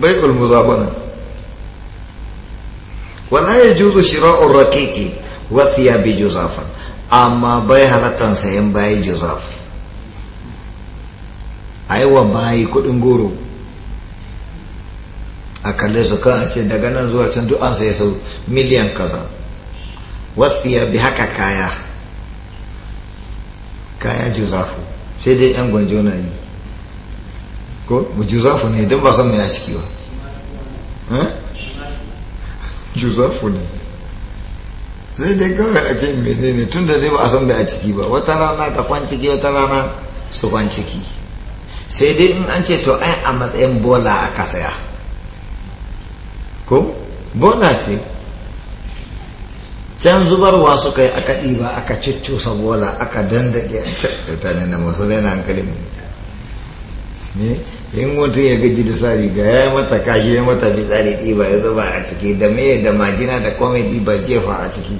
bai ulmuza bana wala ya juzu shira'ur raqiqi wa thiyabi juzafan amma bai halatta sayan bayi juzaf a bayi kudin goro a kalle su kan a ce daga nan zuwa can duk an sai sau miliyan kaza wasfiya bi haka kaya kaya juzafu sai dai yan gwanjo na yi ko mu juzafu ne don ba san mai a ciki ba juzafu ne sai dai kawai a ce mai ne tun da ne ba a san da a ciki ba wata rana ka kwan ciki wata rana su kwan ciki sai dai in an ce to ai a matsayin bola aka saya ko bola ce can zubarwa suka yi aka ɗiba aka cuccusa bola aka dandake ta ne na masu daina hankalin ne in mutum ya gaji da sari ga ya mata kashi ya mata fitsari ɗiba ya zuba a ciki da me da majina da komai ɗiba jefa a ciki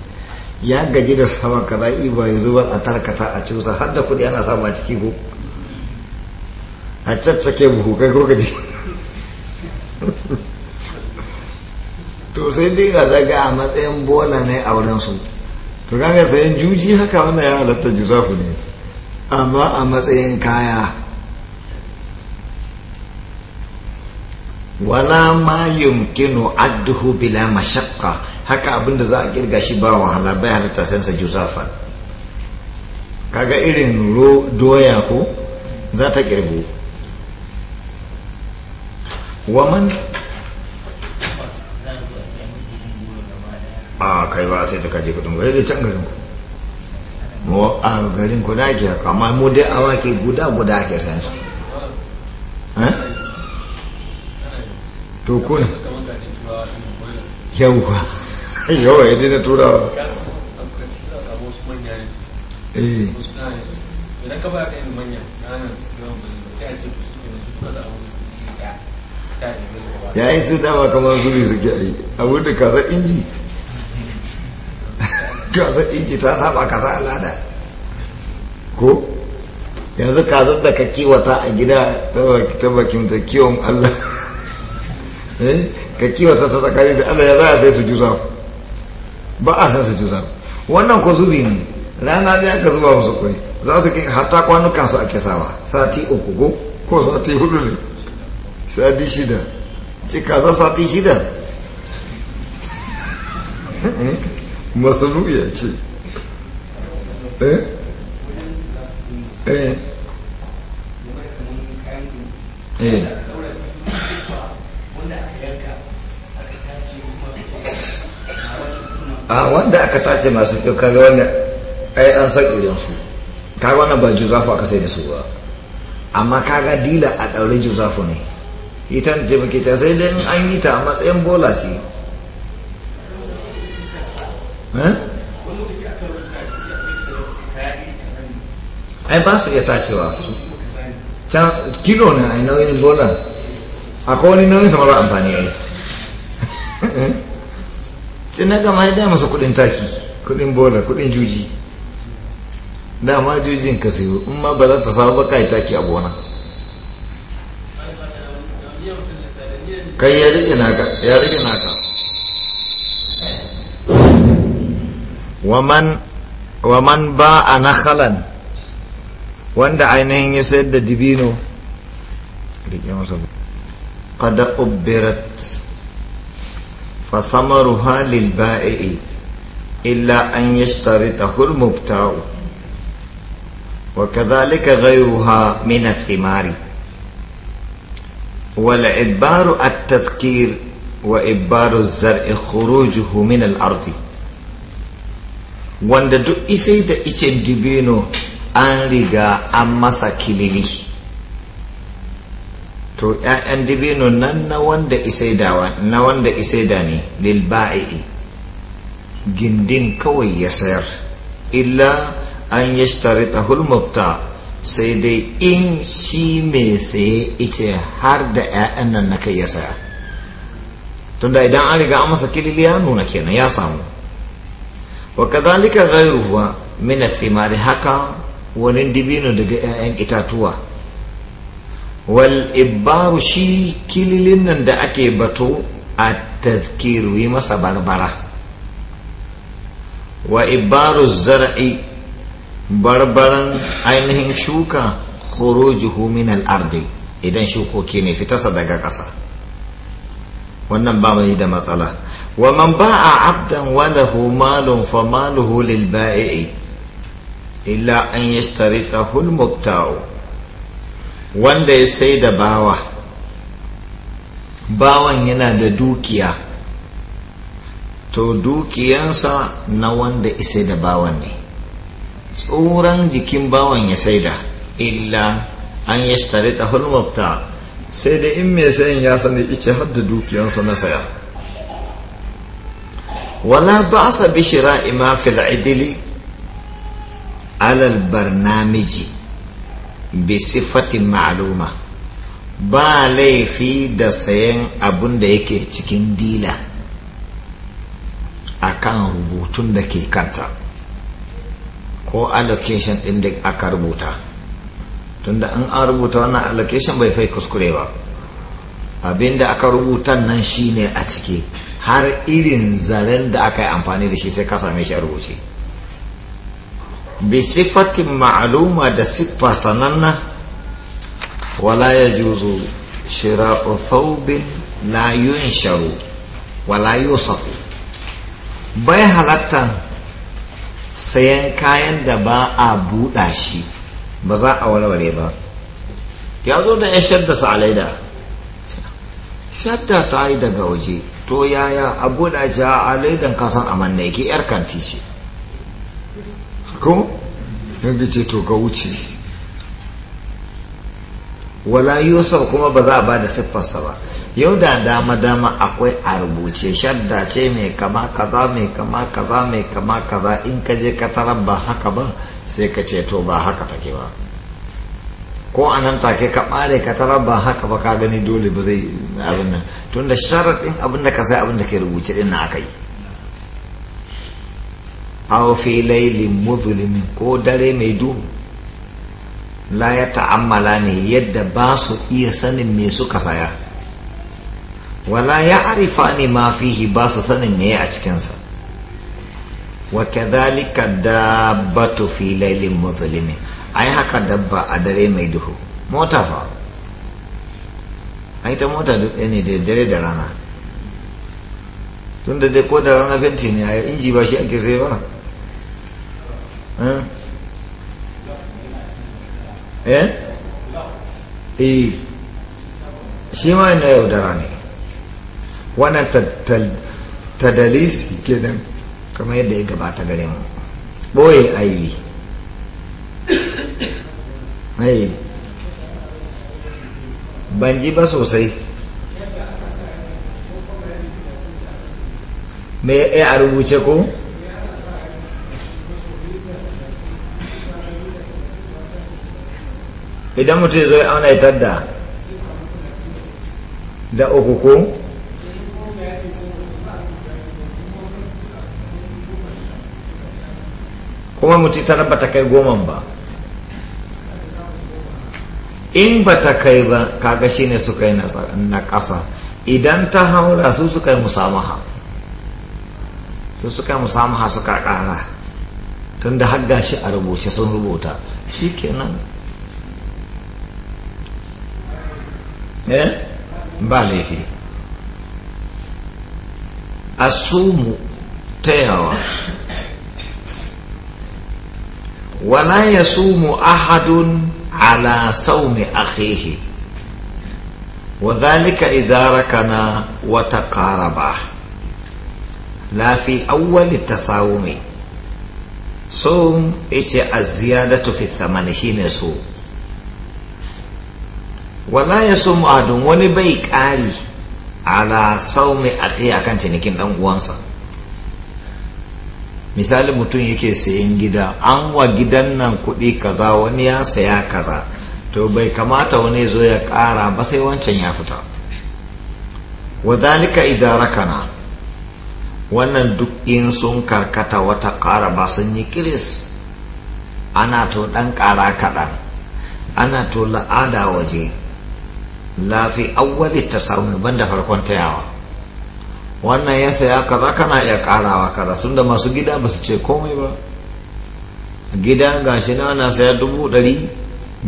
ya gaji da sama kaza ɗiba ya zuba a tarkata a cusa har da kuɗi ana samu a ciki ko a caccake buhu kai ko kaji to sai dai ga zaga a matsayin bola ne a wurin su to ganga sayan juji haka wannan ya halatta juzafu ne amma a matsayin kaya wala ma yumkinu adduhu bila mashaqqa haka abinda za a kirga shi ba wahala bai halatta sai sa jusafan kaga irin doya ko za ta kirgu wa a kai ba sai ta kaje kudin gwai da can garin ku mu a garin ku da ke haka mu dai awaki guda guda ke san su eh? to kuna yawwa yawa ya daina turawa eh. idan ka ba ka yin ya yi su dama kamar su ne suke yi abin da kasar inji kasar inji ta saba kasa al'ada ko yanzu kasar da ka kiwata a gida ta bakin ta kiwon allah eh? ka kiwata ta tsakani da allah ya za a sai su jusa ba a san su jusa wannan ko zubi ne rana da ka zuba musu kwai za su hatta kwanukansu ake sawa sati uku ko sati hudu ne sati shida cika za sati shida masanu ya ce eh eh eh a wanda aka tace masu kyau kaga wanda ai an san irin su kaga wannan ba juzafu aka sai da su ba amma kaga dila a daure juzafu ne ita ce muke ta sai dai an yi ta matsayin bola ce ai ba su iya tacewa can kilo ne a nauyin bola a kowani nauyin sama ba amfani ya yi sai na gama ya masa kudin taki kudin bola kudin juji dama jujin ka sayo in ma ba za ta samu ba yi taki a gona كي يرجع ناقة ومن ومن باء نخلا وند عينه يسد دبينو قد أبرت فثمرها للبائع إلا أن يشترطه المبتاع وكذلك غيرها من الثمار والعبار التذكير وعبار الزرع خروجه من الأرض wanda duk isai da ice dibino an riga an masa kilili to 'ya'yan dibino nan na wanda isaidawa na wanda isaida ne lilba'i gindin kawai ya sayar illa an yashtarita hulmubta sai dai in shi mai saye ice har da 'ya'yan nan na kai ya saya tunda idan an riga an masa kililiya ya nuna kenan ya samu wa kazalika ghayruhu min athimari haka wani dibino daga 'ya'yan itatuwa wal ibaru shi kililin nan da ake bato a tazkiru yi masa barbara wa ibaru zar'i barbaran ainihin shuka khurujuhu min al-ardi idan shukoki ne fitarsa daga ƙasa wannan ba mai da matsala wa man ba'a abdan wa malun fa maluhu lil ba'i illa an yashtaritahu al-mubta'u wanda ya sai da bawa bawan yana da dukiya to dukiyansa na wanda isai da bawan ne tsoron jikin bawan ya saida illa an yi shitare ta hulmabta sai da in mai sayan ya sani ice hadda dukiyansa na saya wala ba sa bishira ima fil idili alal barnamiji bi sifatin ma'aluma ba laifi da sayan abun da yake cikin dila kan rubutun da ke kanta ko allocation ɗin da aka rubuta tunda an an rubuta wannan allocation bai fai kuskure ba abin da aka rubuta nan shine a ciki har irin zaren da aka yi amfani da shi sai ka same shi a rubuce bi sifatin ma'aluma da siffa sananna wala ya juzu shira thawbin la sharu wala yusafu bai halatta sayan kayan da ba a buɗa shi ba za a warware ba ya zo da ya shadda sa alaida shadda ta yi daga waje to yaya a buɗa shi a alaidan kasan a manna yake yar kanti shi ko yadda ce to ka wuce wala yusuf kuma ba za a ba da siffarsa ba yau da dama dama akwai a rubuce shadda ce mai kama kaza mai kama kaza mai kama kaza in ka je ka tarar ba haka ba sai ka ce to ba haka take ba ko a nan take ka bare ka tarar ba haka ba ka gani dole ba zai abin nan tun da sharaɗin abin da ka sai abin da ke rubuce din na aka yi aw fi lailin muzlimin ko dare mai duhu la ya ta'ammala ne yadda ba su iya sanin me suka saya wala ya arifa ne ma fihi ba su sanin me a cikinsa wa kadhalika dabbatu fi laylin muzlimin ai haka dabba a dare mai duhu mota fa ai ta mota duk ne da dare da rana tunda dai ko da rana fenti ne a inji ba shi ake sai ba eh eh, eh. shi ma yana da ne wannan tadalisi kenan kamar yadda ya gabata gare mu ɓoye ayi mai ban ji ba sosai me ya a rubuce ko idan mutum ya zo ya auna ya tadda da uku ko kuma mutu ba ta kai goma ba in ba ta kai ba kaga shine suka yi na ƙasa idan ta haura su suka yi musamaha su suka yi musamaha suka ƙara tun da har gashi a rubuce sun rubuta shi kenan eh? ba laifi ta yawa. ولا يصوم أحد على صوم أخيه وذلك إذا ركنا وتقاربا لا في أول التصاوم صوم إيش الزيادة في الثمانين يصوم ولا يصوم أحد ونبيك آلي على صوم أخيه أكن تنكين أنقوانسا misali mutum yake sayan gida an wa gidan nan kuɗi kaza wani ya saya kaza to bai kamata wani zo ya ƙara ba sai wancan ya fita wadalika idarakana wannan duk in sun karkata wata ƙara ba sun yi kiris ana to ɗan ƙara kaɗan ana to la'ada waje lafi awwali ta samu banda farkon tayawa wannan ya saya kaza kana iya karawa kaza sun da masu gida ba su ce komai ba gida gashi na na saya dubu ɗari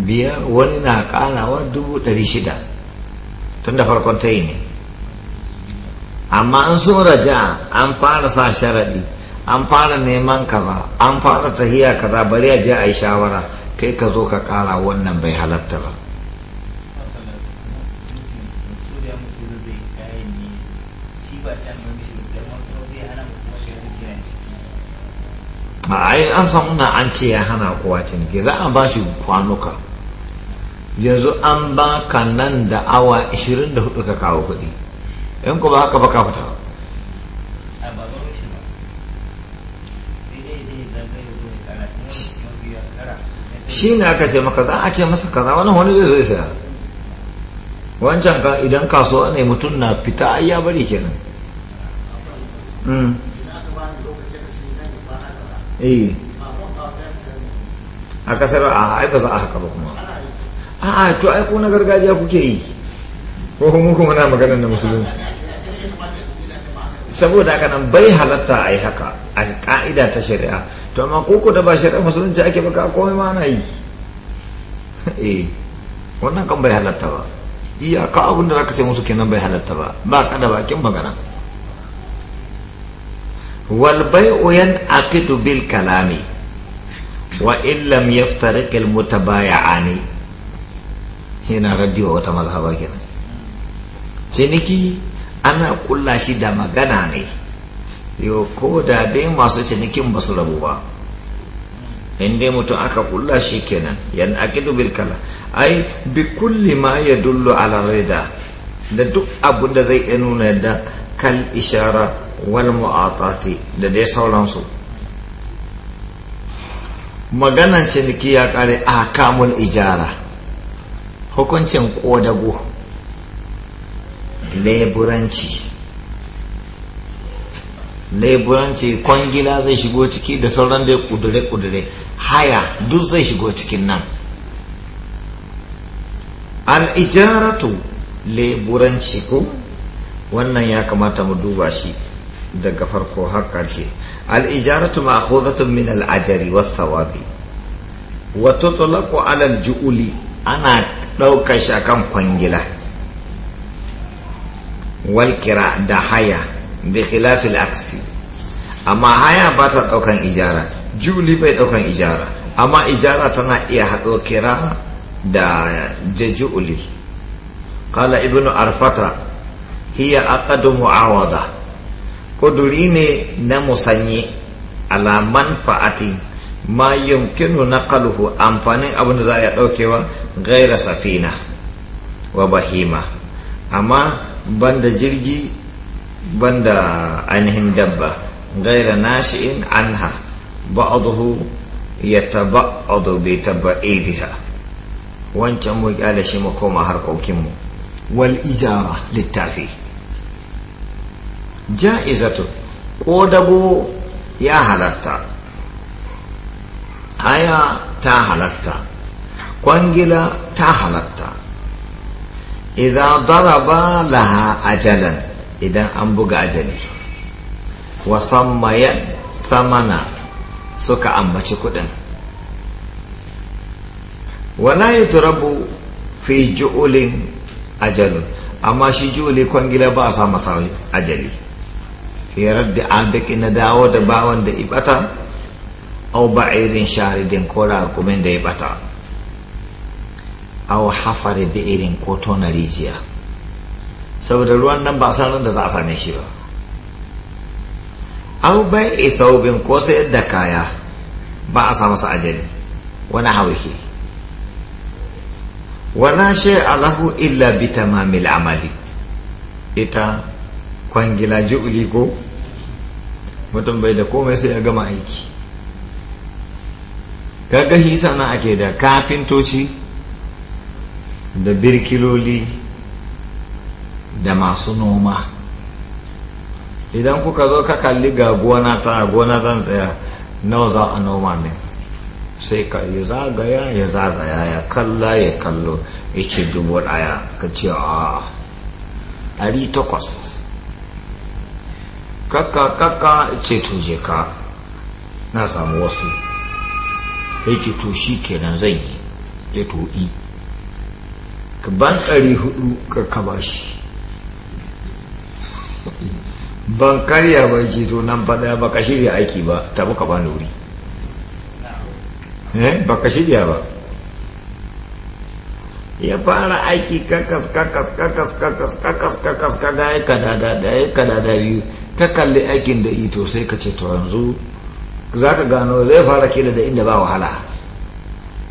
biyar wani na karawa dubu ɗari shida tun da farkon ta yi ne amma an sun raja an fara sa sharaɗi an fara neman kaza an fara tahiya kaza bari a je a yi shawara kai ka zo ka kara wannan bai halatta ba yi an san na an ce ya hana kowa ciniki za a ba shi kwanuka yanzu an ba ka nan da awa 24 ka kawo kuɗi yan ku ba haka ba ka fita shi ne aka ce maka za a ce masa kaza wani wani zai zo saya? wancan idan kasuwa ne mutum na fita ai ya bari kenan hmm. eh a kasar a ai za a haka ba kuma a a to ai ko na gargajiya kuke yi ko kuma kuma na maganar da musulunci saboda haka nan bai halatta a yi haka a ka'ida ta shari'a to amma koko da ba shari'a musulunci ake baka komai ma na yi eh wannan kan bai halatta ba iyaka abin da ka ce musu kenan bai halatta ba ba kada da bakin magana والبيع ينعقد بالكلام وإن لم يفترق المتبايعان هنا ردي وتمذهبا كده ciniki ana kulla shi da magana ne yau ko da dai masu cinikin ba su rabu ba in dai mutum aka kulla shi kenan yan aqidu bil kala ai bi kulli ma yadullu ala rida da duk abun da zai iya nuna yadda kal ishara wal mu'atati da dai sauransu maganan ciniki ya kare a kamun ijara hukuncin kodago leburanci leburanci kwangila zai shigo ciki da sauran dai kudure-kudure haya duk zai shigo cikin nan An ijaratu leburanci ko wannan ya kamata mu duba shi daga farko har ƙarshe al'ijaratu ma'khuzatun min al'ajari was sawabi wa tutlaqu alal juuli ana ɗaukar shi akan kwangila wal kira da haya bi khilafil aksi amma haya ba ta ɗaukan ijara juli bai ɗaukan ijara amma ijara tana iya haɗo kira da jaju'uli Kala ibnu arfata hiya aqadu mu'awada kuduri ne na musanyi alaman fa'ati ma yumkinu na kalhu amfanin abin da za a ɗaukewa gaira safina wa bahima amma banda jirgi banda ainihin dabba gaira nashi'in anha ba'aduhu ya taba'adu bai taba'idiha wancan mu kyale shi mu koma harkokinmu wal ijara littafi ja'izatu ko dago ya halatta haya ta halatta kwangila ta halatta idan daraba laha ajalan idan an buga ajali wasammayan samana suka ambaci kudin wala ya turabu fi ju'ulin ajalun amma shi ju'uli kwangila ba a sa masa ajali hirar da abiki na dawo da bawan da ibata au ba'irin sharidin ko rakumin da ibata au hafari irin ko na rijiya saboda ruwan nan ba san da za a same shi ba au bai thawbin ko sayar da kaya ba a samu sa ajali wani hauhi Wana she Alahu illa bi tamamil amali ita kwangila ji ko mutum bai da komai sai ya gama aiki kaga shi sana ake da kafintoci da birkiloli da masu noma idan kuka zo ka kalli ga gona ta gona zan tsaya nawa za a noma min sai ka yi zagaya ya zagaya ya kalla ya kallo ya ce dubu daya ka ce a ah, 800 kakka kakka ce to ka na samu wasu ya ce to shi kenan zan yi ya to i ka ban ɗari hudu ka kaba shi ban karya ba ce to nan ba ka shirya aiki ba ta ka ba nuri eh, ba ka shirya ba ya fara aiki kakas kakas kakas kakas kakas kakas kakas kakas kakas kakas kakas kakas ka kalli aikin da ito sai ka ce to yanzu za ka gano zai fara kila da inda ba wahala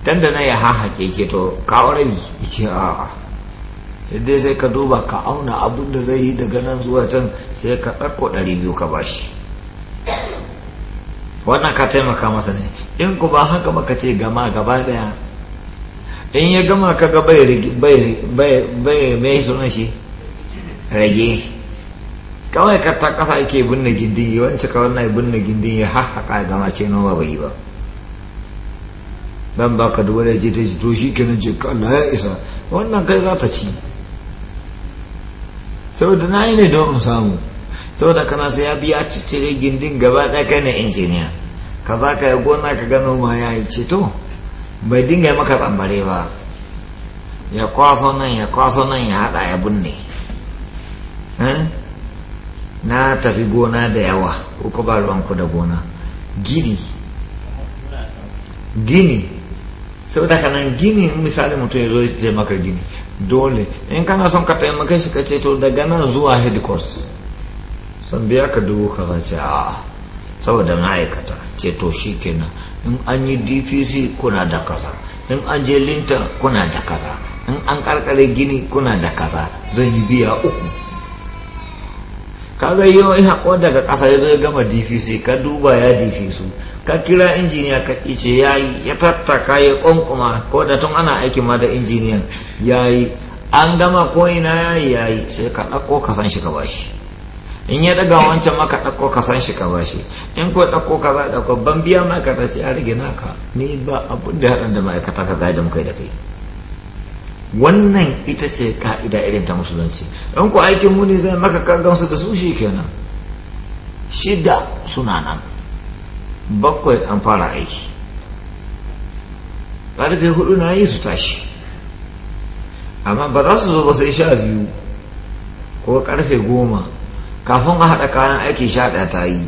dan da na ya ke ce to ka rabi ke a'a dai sai ka duba ka auna abun da zai yi daga nan zuwa can sai ka ɗauko ɗari biyu ka bashi wannan ka taimaka masa ne in ku ba haka ba ce gama gaba ɗaya in ya gama ka ga bai bai bai mai sunan shi rage kawai ka ta kasa yake binne gindin yi wancan ka wannan binne gindin ya haka ya gama ce nawa bai yi ba ban baka duk wani je ta ji to shi kenan je ka Allah ya isa wannan kai za ta ci saboda na yi ne don in samu saboda kana sai ya biya cicire gindin gaba ɗaya kai ne injiniya ka za ka yi gona ka gano ma ya yi ce to bai dinga maka tsambare ba ya kwaso nan ya kwaso nan ya haɗa ya binne eh? na tafi gona da yawa uku ba ruwanku da gona gini gini saboda ka kanan gini misali mutum ya zo ya ce maka gini dole in kana son ka taimaka shi ka ce to daga nan zuwa course. san biya ka dubu ka ce a saboda ma'aikata ce to shi kenan in an yi dpc kuna da kaza in an je linta kuna da kaza in an karkare gini kuna da kaza zan yi biya uku kaga yi wani haƙo daga ƙasa ya zo ya gama dvc ka duba ya dvc ka kira injiniya ka ice ya yi ya tattaka ya ƙwanƙuma ko da tun ana aiki ma da injiniyan ya yi an gama ko ina ya yi ya yi sai ka ɗauko ka san shi ka bashi in ya ɗaga wancan maka ɗauko ka san shi ka bashi in ko ɗauko ka za ɗauko ban biya ma'aikata ce a rage naka ni ba abun da haɗa da ma'aikata ka gaya da muka yi da kai wannan ita ce ka'ida irin ta musulunci in ku aikin muni zai maka su da su shi kenan shida suna nan bakwai an fara aiki ƙarfe hudu na yi su tashi amma ba za su zo ba sai sha biyu ko ƙarfe goma kafin a haɗa kayan aiki sha ɗaya ta yi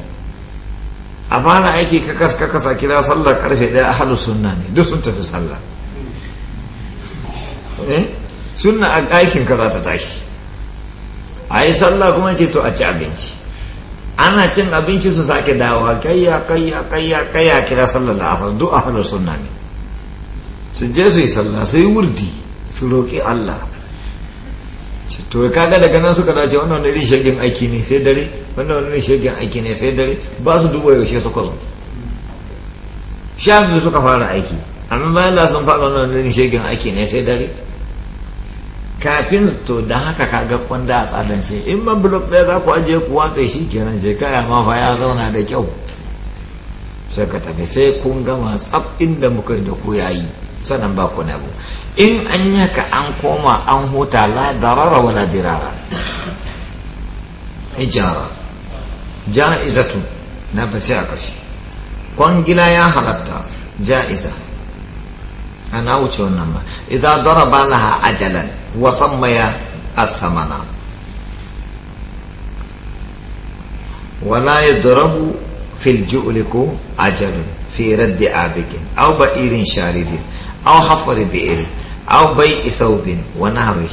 a fara aiki kakas kakasa kira sallar ƙarfe ɗaya a sunna ne duk sun tafi sallah Eh? suna a aikin ka za ta tashi a yi sallah kuma ce to a ci abinci ana cin abinci su sake dawowa kayya kayya kayya kayya kira sallar da asar duk hannun suna ne su je su yi sallah su yi wurdi su roƙi allah to kaga daga nan suka dace wannan wani rishegin aiki ne sai dare wannan wani rishegin aiki ne sai dare ba su duba yaushe su kwazo sha biyu suka fara aiki amma bayan sun fara wannan wani rishegin aiki ne sai dare kafin to da haka ka ga kwanda a tsadance in man blok ɗaya za ku aje ku watse shi kenan je kaya ma fa ya zauna da kyau sai ka tafi sai kun gama tsab inda muka da ku yayi sannan ba ku na in an yi haka an koma an huta la darara wala dirara ijara ja'izatu na fice a kashi kwangila ya halatta ja'iza ana wuce wannan ba idza daraba laha ajalan وسمي الثمن ولا يضرب في الجؤلك عجل في رد عابك أو بئر شارد أو حفر بئر أو بيع ثوب ونهره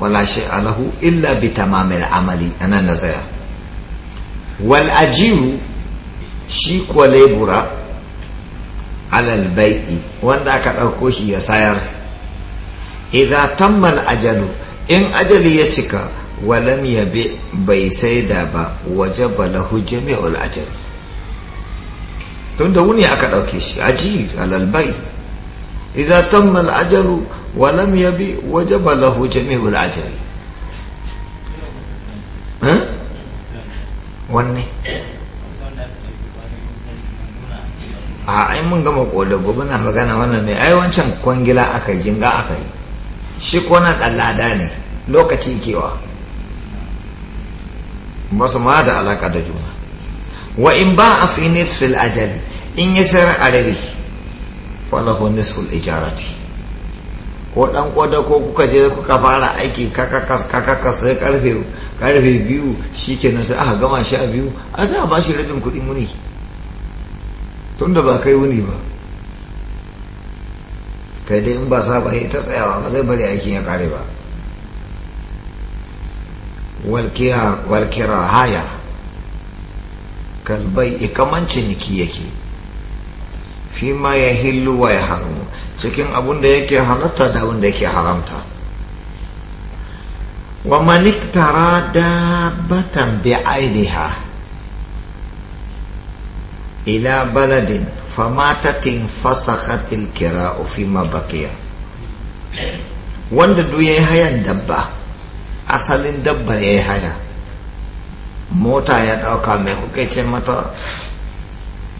ولا شيء له إلا بتمام العمل أنا نزايا والأجير شيك وليبرا على البيع وانا أكد يا يسير idza tammal ajalu in ajali ya cika walam yabi bai sai da ba wajaba lahu jami'ul ajal tunda wuni aka dauke shi aji alal bai idza tamma ajalu walam yabi wajaba lahu jami'ul ajal eh wanne a ai mun gama kodabu muna magana wannan mai ai wancan kwangila aka jinga aka yi shi kona ɗan lada ne lokaci kewa ba su ma da alaka da juna wa in ba a fi nisfil ajali in ya sayar a rabi walahu nisfil ijarati ko ɗan kwada ko kuka je kuka fara aiki kaka sai karfe karfe biyu ke sai aka gama shi a biyu a sa a bashi rabin kuɗin wuni tunda ba kai wuni ba kai dai in ba saba yi ta tsayawa ba zai bari aikin ya kare ba walkira haya kalbai ikaman ciniki yake fi ma ya hillu wa ya haramu cikin abun da yake halatta da abun da yake haramta wa manik tara da batan bi aidiha ila baladin famatatin fasakhatil kira fi ma bakiya. wanda duk yi hayan dabba asalin dabbar yi haya mota ya dauka mai kuke ce mata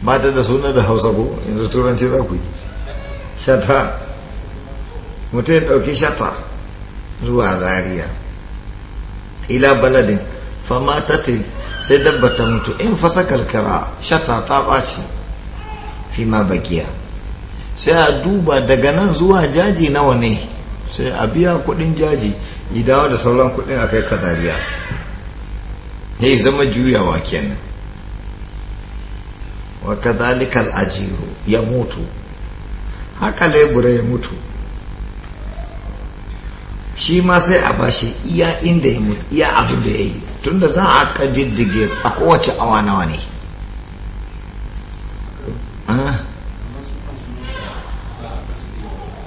ba ta da suna da hausa ko yanzu turanci za ku yi shata mutum ya dauki shata zuwa zaria ila baladin famatatin sai dabba ta mutu in fasakar kira shata ta ɓaci fima bakiya sai a duba daga nan zuwa jaji nawa ne sai a biya kudin jaji idawa da sauran kudin a kai kazariya. ya zama juyawa kenan wa kazalikal ya mutu haka lebura ya mutu shi ma sai a bashi iya inda ya mutu iya abu da ya yi tunda za a kajiddige a kowace awa nawa ne Ah.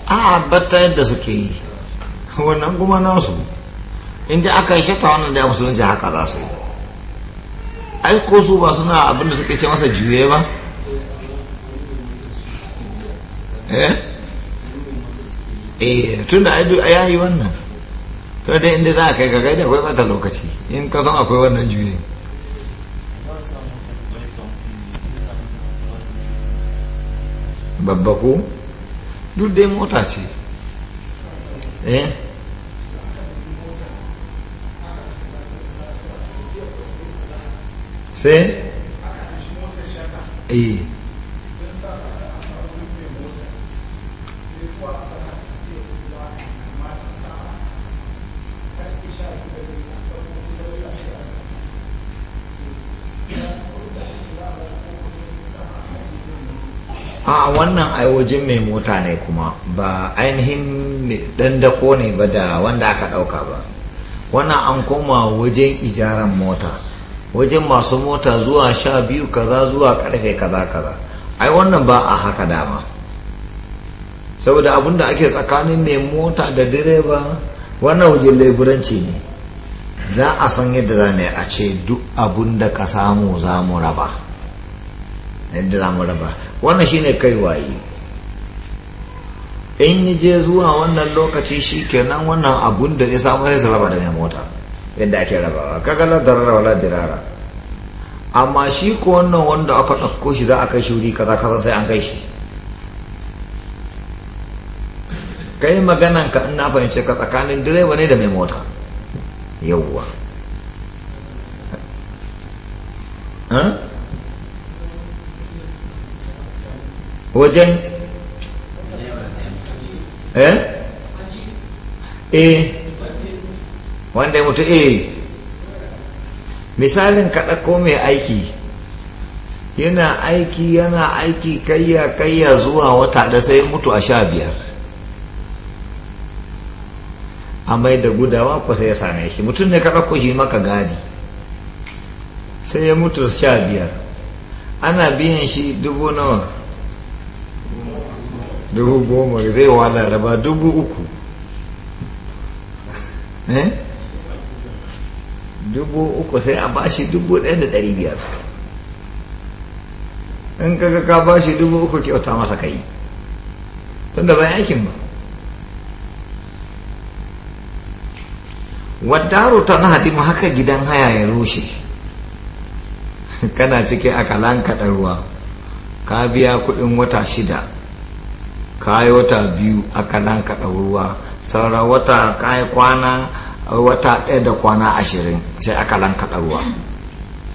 a batta yadda suke yi wannan kuma nasu inda aka yi shata wannan da musulunci haka za su yi ai ko su ba suna abinda suke ce masa juye ba eh, eh tun da ya yi wannan to dai inda za a kai ga gaida akwai bata lokaci in ka san akwai wannan juyin babba ko duk dai mota ce eh sai eh a wannan ai wajen mai mota ne kuma ba ainihin dan dako ne ba da wanda aka dauka ba wannan an koma wajen ijaran mota wajen masu mota zuwa sha biyu kaza zuwa karfe kaza kaza ai wannan ba a haka dama saboda abinda ake tsakanin mai mota da direba wannan wajen laiburanci ne za a san yadda za ne a ce duk abun da ka samu za mu raba yadda za mu raba wannan ne kai waye in ni je zuwa wannan lokaci shi kenan wannan abun da ya samu sai su raba da mai mota yadda ake rabawa kaga la darara wala dirara amma shi ko wannan wanda aka ɗauko shi za a kai shi wuri kaza kaza sai an kai shi kai maganan ka ina fahimce ka tsakanin direba ne da mai mota yawwa wajen eh eh wanda ya mutu eh misalin kaɗa ko mai aiki yana aiki yana aiki kayya kayya zuwa wata da sai mutu a sha biyar amma da gudawa ko sai ya same shi mutum ne kaɗa ko shi maka gadi sai ya mutu sha biyar ana biyan shi dubu nawa dubu goma zai wa laraba dubu uku eh? dubu uku sai a bashi dubu ɗaya da ɗari biyar in kaga ka bashi dubu uku kyauta masa kai tun da bayan aikin ba wadaru ta na hadimu haka gidan haya ya rushe kana cike a kalan ruwa ka biya kuɗin wata shida kayi wata biyu aka nan ka ruwa sauran wata kayi kwana wata ɗaya da kwana ashirin sai aka nan ka ruwa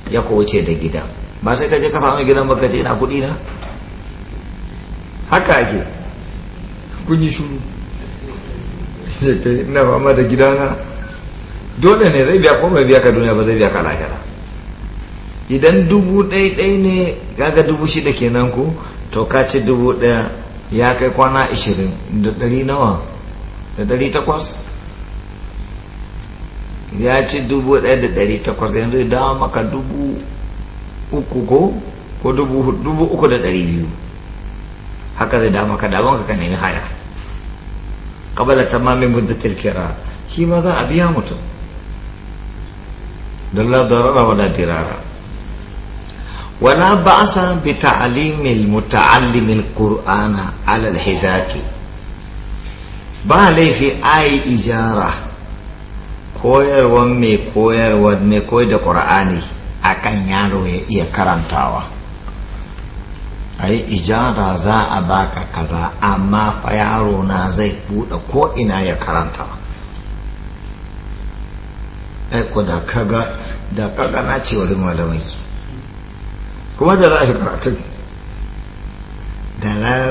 ya wuce da gida ba sai ka je ka samu gidan baka ce ina kuɗi na haka ake kun yi shuru ina fama da gida na dole ne zai biya ko mai biya ka duniya ba zai biya ka lahira idan dubu ɗai ɗai ne gaga dubu shida kenan ko to ka ci dubu ɗaya ya kai kwana ashirin da ɗari nawa da dari takwas ya ci dubu ɗaya da dari takwas yanzu ya dawo maka dubu uku ko ko dubu dubu uku da ɗari biyu haka zai dawo maka dawo ka nemi haya kabala tamamin muddatil kira shi ma za a biya mutum don la darara wala dirara ولا بأس بتعليم المتعلم القرآن على Ba بالي ayi ijara. إجارة mai ومي كوير ودمي da Ƙur'ani akan yaro ya iya karantawa ai ijara za a ba ka kaza amma fa yaro na zai buɗe ko ina ya karanta ai da kaga da kaga na ce wani malamai kuma da za a shi karatun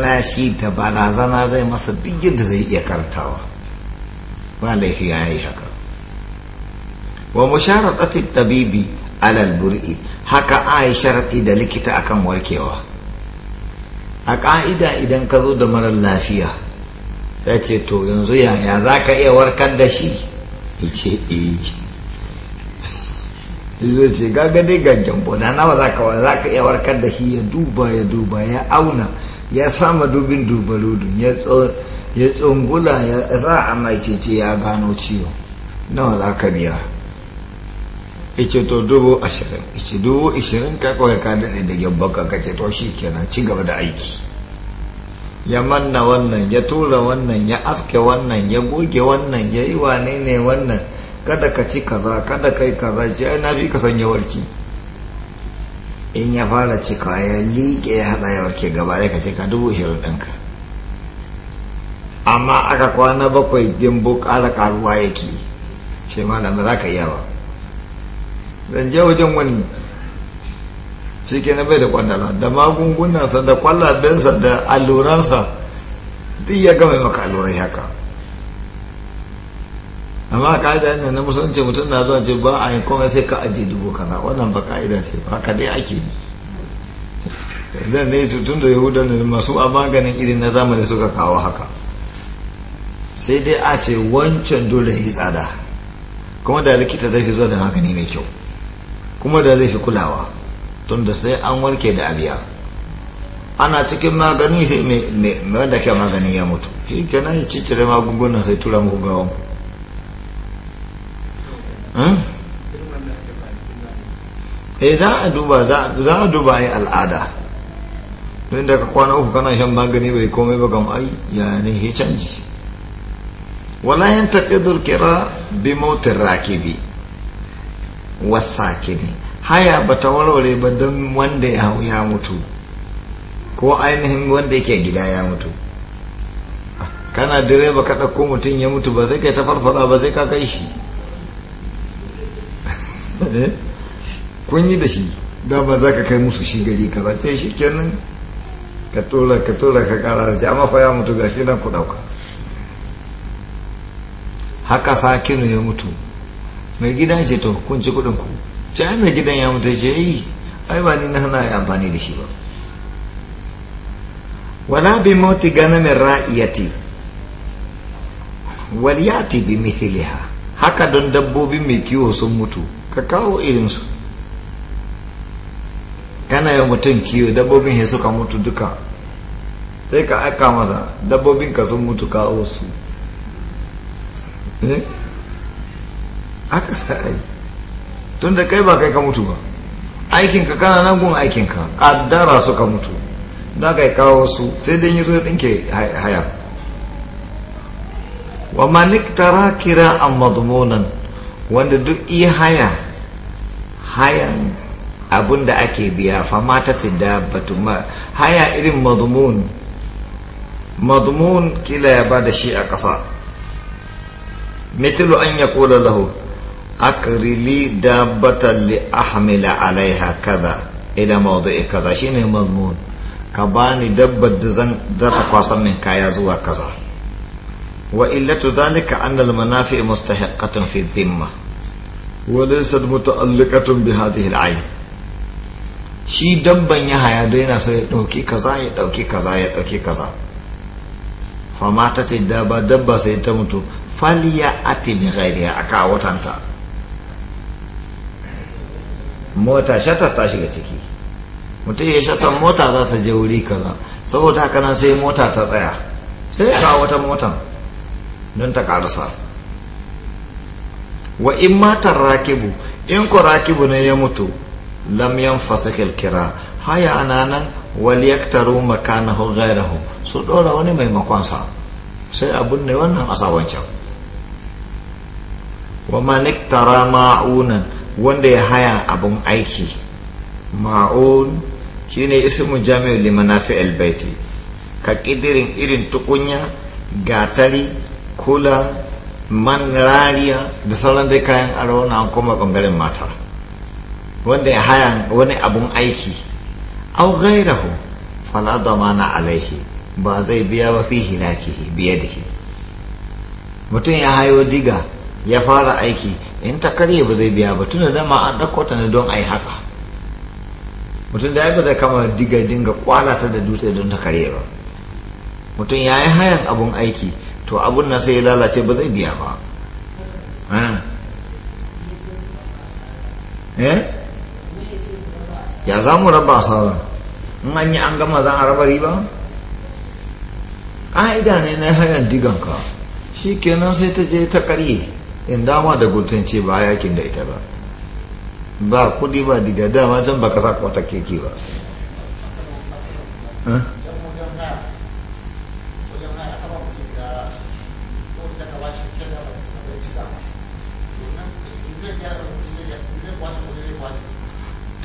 da shi da barazana zai masa duk yadda zai iya karantawa ba laifi ya yi haka wa mu musharaqati tabibi alal bur'i haka yi sharaɗi da likita akan warkewa a ƙa'ida idan ka zo da marar lafiya Ta ce to yanzu yaya za ka iya warkar da shi ya ce eh zai ce gaga dai ga gyambo na nawa za ka za ka iya warkar da shi ya duba ya duba ya auna ya sama dubin dubaludun ya tsungula ya sa a mai cece ya gano ciwo nawa za ka biya ice to dubu ashirin ice dubu ashirin ka kawai ka daɗe da gyambo ka kace to shi kenan ci gaba da aiki ya manna wannan ya tura wannan ya aske wannan ya goge wannan ya yi wane ne wannan kada ka ci kaza kada kai kaza ce ai na fi ka sanya warki in ya fara cika ya liƙe ya haɗa ya warke gaba ya ka ce dubu shirin ɗinka amma aka kwana bakwai dimbo ƙara ƙaruwa yake ce malam za ka yawa zan je wajen wani shi ke bai da kwandala da magungunansa da kwallabinsa da alluransa duk ya gama maka allurai haka amma ka'ida ne na musulunci mutum na zuwa ce ba a yi komai sai ka ajiye dubu kaza wannan ba ka'ida ce ba ka dai ake yi idan ne tutun da yahuda ne masu a maganin irin na zamani suka kawo haka sai dai a ce wancan dole ya yi tsada kuma da likita zai fi zuwa da magani mai kyau kuma da zai fi kulawa tun da sai an warke da abiya ana cikin magani sai mai wanda ke magani ya mutu shi kenan ya cicire magungunan sai tura muku gawanku eh za a duba za a duba ai al'ada don daga kwana uku kana shan magani bai komai ba gama ai ya canji wala yan kira bi mautin rakibi ne haya ba ta warware ba don wanda ya hau mutu ko ainihin wanda yake gida ya mutu kana direba kaɗa ko mutum ya mutu ba sai kai ta farfara ba sai ka kai shi Eh? kun yi da shi dama za ka kai musu shi gari ka zace shi kenan ka tura ka tura ka kara da shi amma fa ya mutu ga shi nan ku dauka haka sa kinu ya mutu mai gida ce to kun ci kudin ku ce mai gidan ya mutu ce yi ai ba ni na hana ya amfani da shi ba wala bi mauti ganamin ra'iyati yati bi mithliha haka don dabbobi mai kiwo sun mutu ka kawo irinsu kana yi mutum kiwo dabbobin ya suka mutu duka sai ka aika masa dabbobin ka sun mutu kawo su eh? aka sa'ai tun da kai ba kai ka mutu ba aikinka kana nan gun aikinka kaddara suka mutu da kai kawo su sai dai yazo ya tsinke haya wa manik tara kira a wanda duk iya haya hayan abun da ake biya fama ta dabbatu haya irin madmun kila ya ba da shi a ƙasa mitilu an ya kula lahu akrili dabbatan li ahmila alaiha kaza ila mawdu'i kaza shine mazmun ka bani dabbar da zan za ta kwasan min kaya zuwa kaza wa illatu dhalika anna al manafi mustahiqatun fi dhimma وليست متعلقة بهذه العين shi dabban ya haya da yana sai ya ɗauki kaza ya ɗauki kaza ya ɗauki kaza Fa mata ta ce dabba dabba sai ta mutu faliya ati bi ghairiha a watanta mota shata ta shiga ciki mutum ya shata mota za ta je wuri kaza saboda haka nan sai mota ta tsaya sai ka kawo wata motan don ta karasa wa in matar rakibu in ku rakibu ne ya mutu lam yan fasikil kira haya ananan wal yaktaru makanahu ghairahu su dora wani maimakonsa sai abun ne wannan asawancan wa man iktara ma'unan wanda ya haya abun aiki ma'un shine ismu jami'u limanafi albayti ka kidirin irin tukunya gatari kula man rariya da sauran dai kayan aro na kuma bangaren mata wanda ya haya wani abun aiki au gairahu fala damana alaihi ba zai biya ba fi hilakihi biye da mutum ya hayo diga ya fara aiki in ta karye ba zai biya ba da dama an ɗauko ta ne don a yi haka mutum da ya ba zai kama diga dinga kwalata da dutse don ta karye ba mutum ya yi hayan abun aiki to abun nan sai ya lalace ba zai biya ba eh? ya za mu raba asara in an yi an gama za a raba riba ƙa'ida ne na hayan ka. shi kenan sai ta je ta karye in dama da gutance ba yakin da ita ba ba kudi ba diga dama can ba ka sa kwata keke ba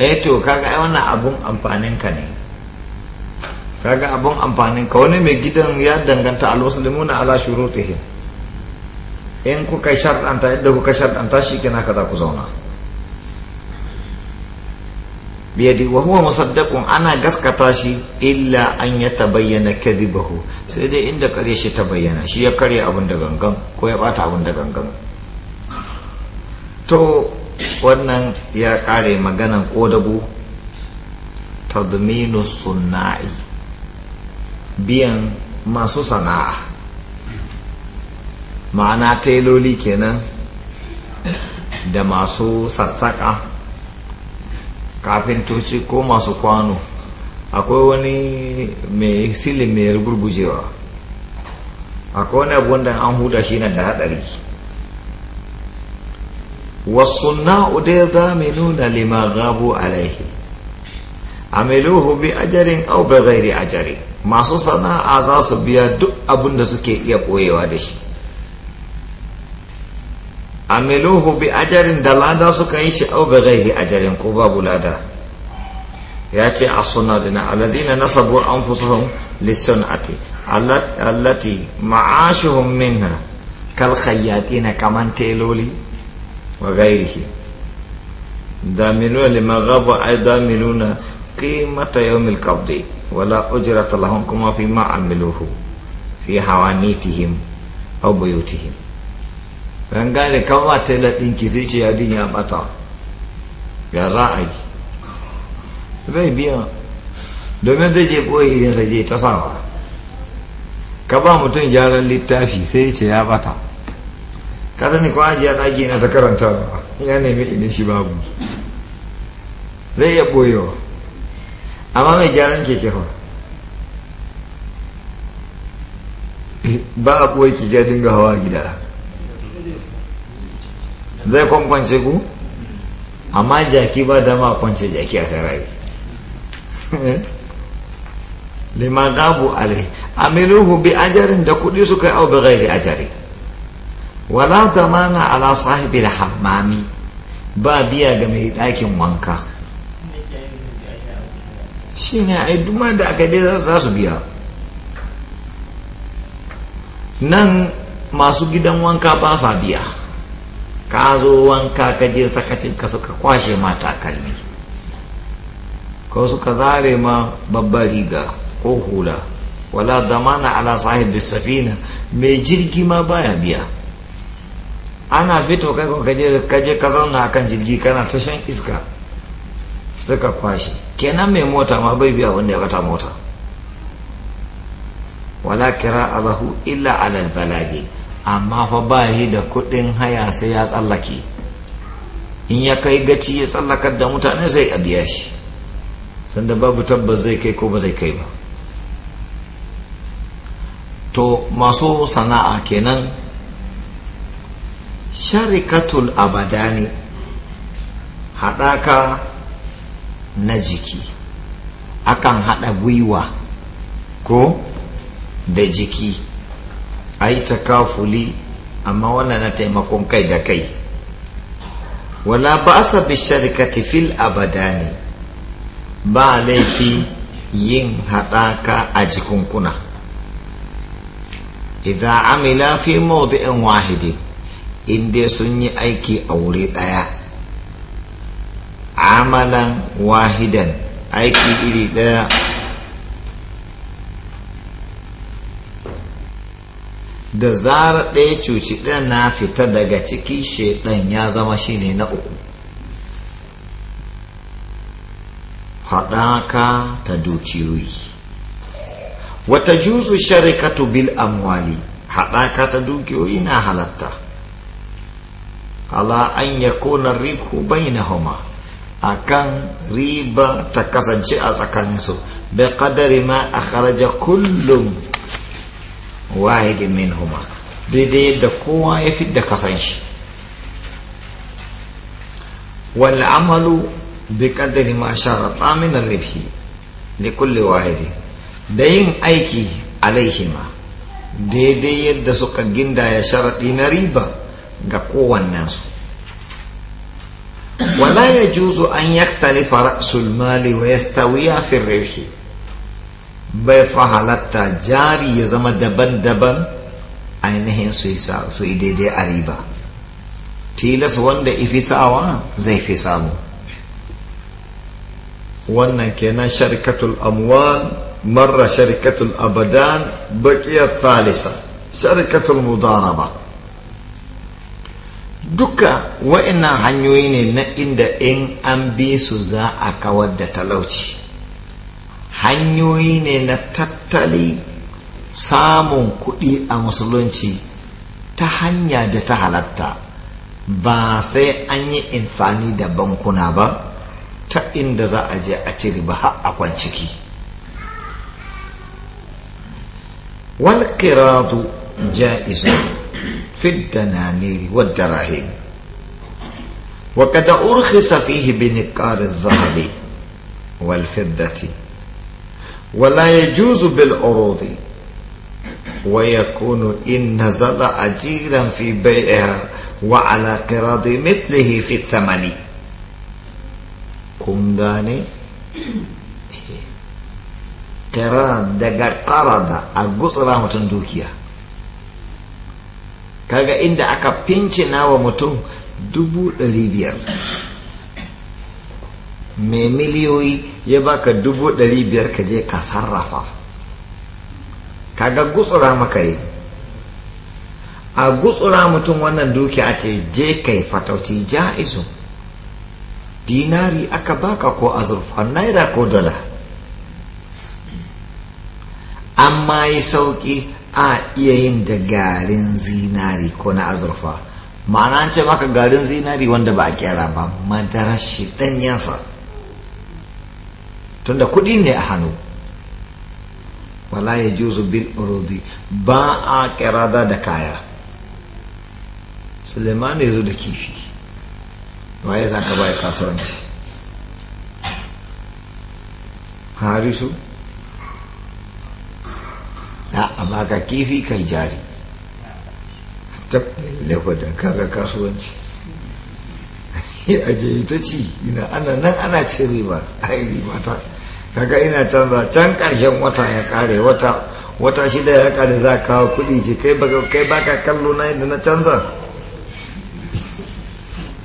eh to kaga ai wannan abun amfanin ka ne kaga abun amfanin ka wani mai gidan ya danganta muslimuna ala shurutihim in kuka shar'anta yadda kuka sharɗanta shi kina kaza ku zauna biyadi wa huwa musaddaqun ana gaskata shi illa an ya tabayyana kadibahu sai dai inda kare shi ta bayyana shi ya karya abun da gangan ko ya bata abun da gangan to wannan ya kare maganan ta tadminu sunna'i biyan masu sana'a ma'ana tailoli kenan da masu sassaƙa kafintoci ko masu kwano akwai wani mai silin mai rugurgujewa akwai wani abu wanda an huda shi na da haɗari wasu na'udu ya zami nuna limagabu alaihi amiluhu hubi ajarin au bagairi ajari masu sana'a za su biya duk abin da suke iya koyewa da shi amiluhu ajarin da lada suka yi shi au bagairi ajarin ko babu lada ya ce a suna dina aladina na sabu an fi sun lisan ati allati ma'ashuhun minna kalkhayyati na kaman teloli وغيره داملون لما غاب أي داملون قيمة يوم القبض ولا أجرة لهم كما فيما عملوه في حوانيتهم أو بيوتهم فإن قال كما تلت إنكسيش يا دين يا بطا يا رائج bai biya domin zai je ɓoye idan sai je ta sawa ka ba mutum gyaran littafi sai ce ya bata ka sani ko ajiya ɗaki na ta karanta ya nemi ilin shi babu zai iya boyewa amma mai gyaran keke fa ba a koyi keke ya dinga hawa gida zai kwankwance ku amma jaki ba dama kwance jaki a sarari eh? lima gabu alai aminuhu bi ajarin da kudi suka yi au bi gairi ajari wala mana ala sahibil hammami ba biya ga mai ɗakin wanka shi ne a duma da aka dai za su biya nan masu gidan wanka ba sa biya ka zo wanka ka je sakacin ka suka kwashe matakali kalmi ko suka zare ma babbar riga ko hula wala damana ala sahibi safina mai jirgi ma baya biya ana fito kai ko kaje kaje ka zauna kan jirgi kana ta shan iska suka kwashe kenan mai mota ma bai biya wanda ya bata mota wala kira alahu illa alal balagi amma fa ba yi da kudin haya sai ya tsallake in ya kai gaci ya tsallakar da mutane sai a biya shi sanda babu tabbas zai kai ko ba zai kai ba to masu sana'a kenan sharikatul abadani haɗaka na jiki akan haɗa gwiwa ko da jiki a yi takafuli amma wannan na taimakon kai da kai wala ba asa bisharikati fil abadani ba laifi yin haɗaka a jikunkuna idan amila fi maudu'in wahidin in dai sun yi aiki a wuri ɗaya amalan wahidan aiki iri ɗaya da zara ɗaya cuci ɗaya na fita daga ciki shaidan ya zama shine na uku haɗaka ta dukiyoyi wata juzu sharikatu bil amwali haɗaka ta dukiyoyi na halatta ala an yakuna ribhu bainahuma akan riba ta kasance a tsakaninsu bi qadari ma akhraja kullum wahidin minhuma daidai yadda kowa ya fidda kasan shi wal amalu bi qadari ma sharata min ribhi li kulli wahidi da yin aiki alaihima daidai yadda suka gindaya sharaɗi na riba ga kowannensu wala ya juzu an yaktalifa farasulMali wayas wa yastawiya fi bai fa halatta jari ya zama daban-daban ainihin su su daidai a riba tilas wanda ifi sawa zai fi samu wannan kenan sharikatul amwal mar'a شركة الأبدان baƙiyar Salisa, شركة المضاربة duka wa'annan hanyoyi ne na inda in an bi su za a kawar da talauci hanyoyi ne na tattali samun kuɗi a musulunci ta hanya da ta halatta ba sai an yi infani da bankuna ba ta inda za a je a ciri ba har a kwanciki wal ja'izu. ja'izun في الدنانير والدراهم وقد أرخص فيه بنقار الذهب والفضة ولا يجوز بالعروض ويكون إن نزل أجيرا في بيعها وعلى قراض مثله في الثمن كنداني قراض دقا قرض أقصر kaga inda aka fincina wa mutum dubu ɗari biyar mai miliyoyi ya baka dubu ɗari biyar ka je ka sarrafa kaga gutsura maka yi a gutsura mutum wannan duki a ce je kai fatauci ja'izu dinari aka baka ko azurfa naira ko dala amma yi sauki a iya yin da garin zinari ko na azurfa ma'ana an ce maka garin zinari wanda ba a kera ba madarar shi ɗanyensa tunda kudi ne a hannu wala ya juzu bil urudi ba a kera da kaya suleiman ya zo da kifi waye za ka baya kasuwanci harisu na amma ga kifi kai jari tabballe da kaga kasuwanci aje ta ci ina ana nan ana ce riba ai riba ta kaga ina canza can karshen wata ya kare wata wata shida ya kare za kawo kuɗi ce kai baka kai baka kallo na yadda na canza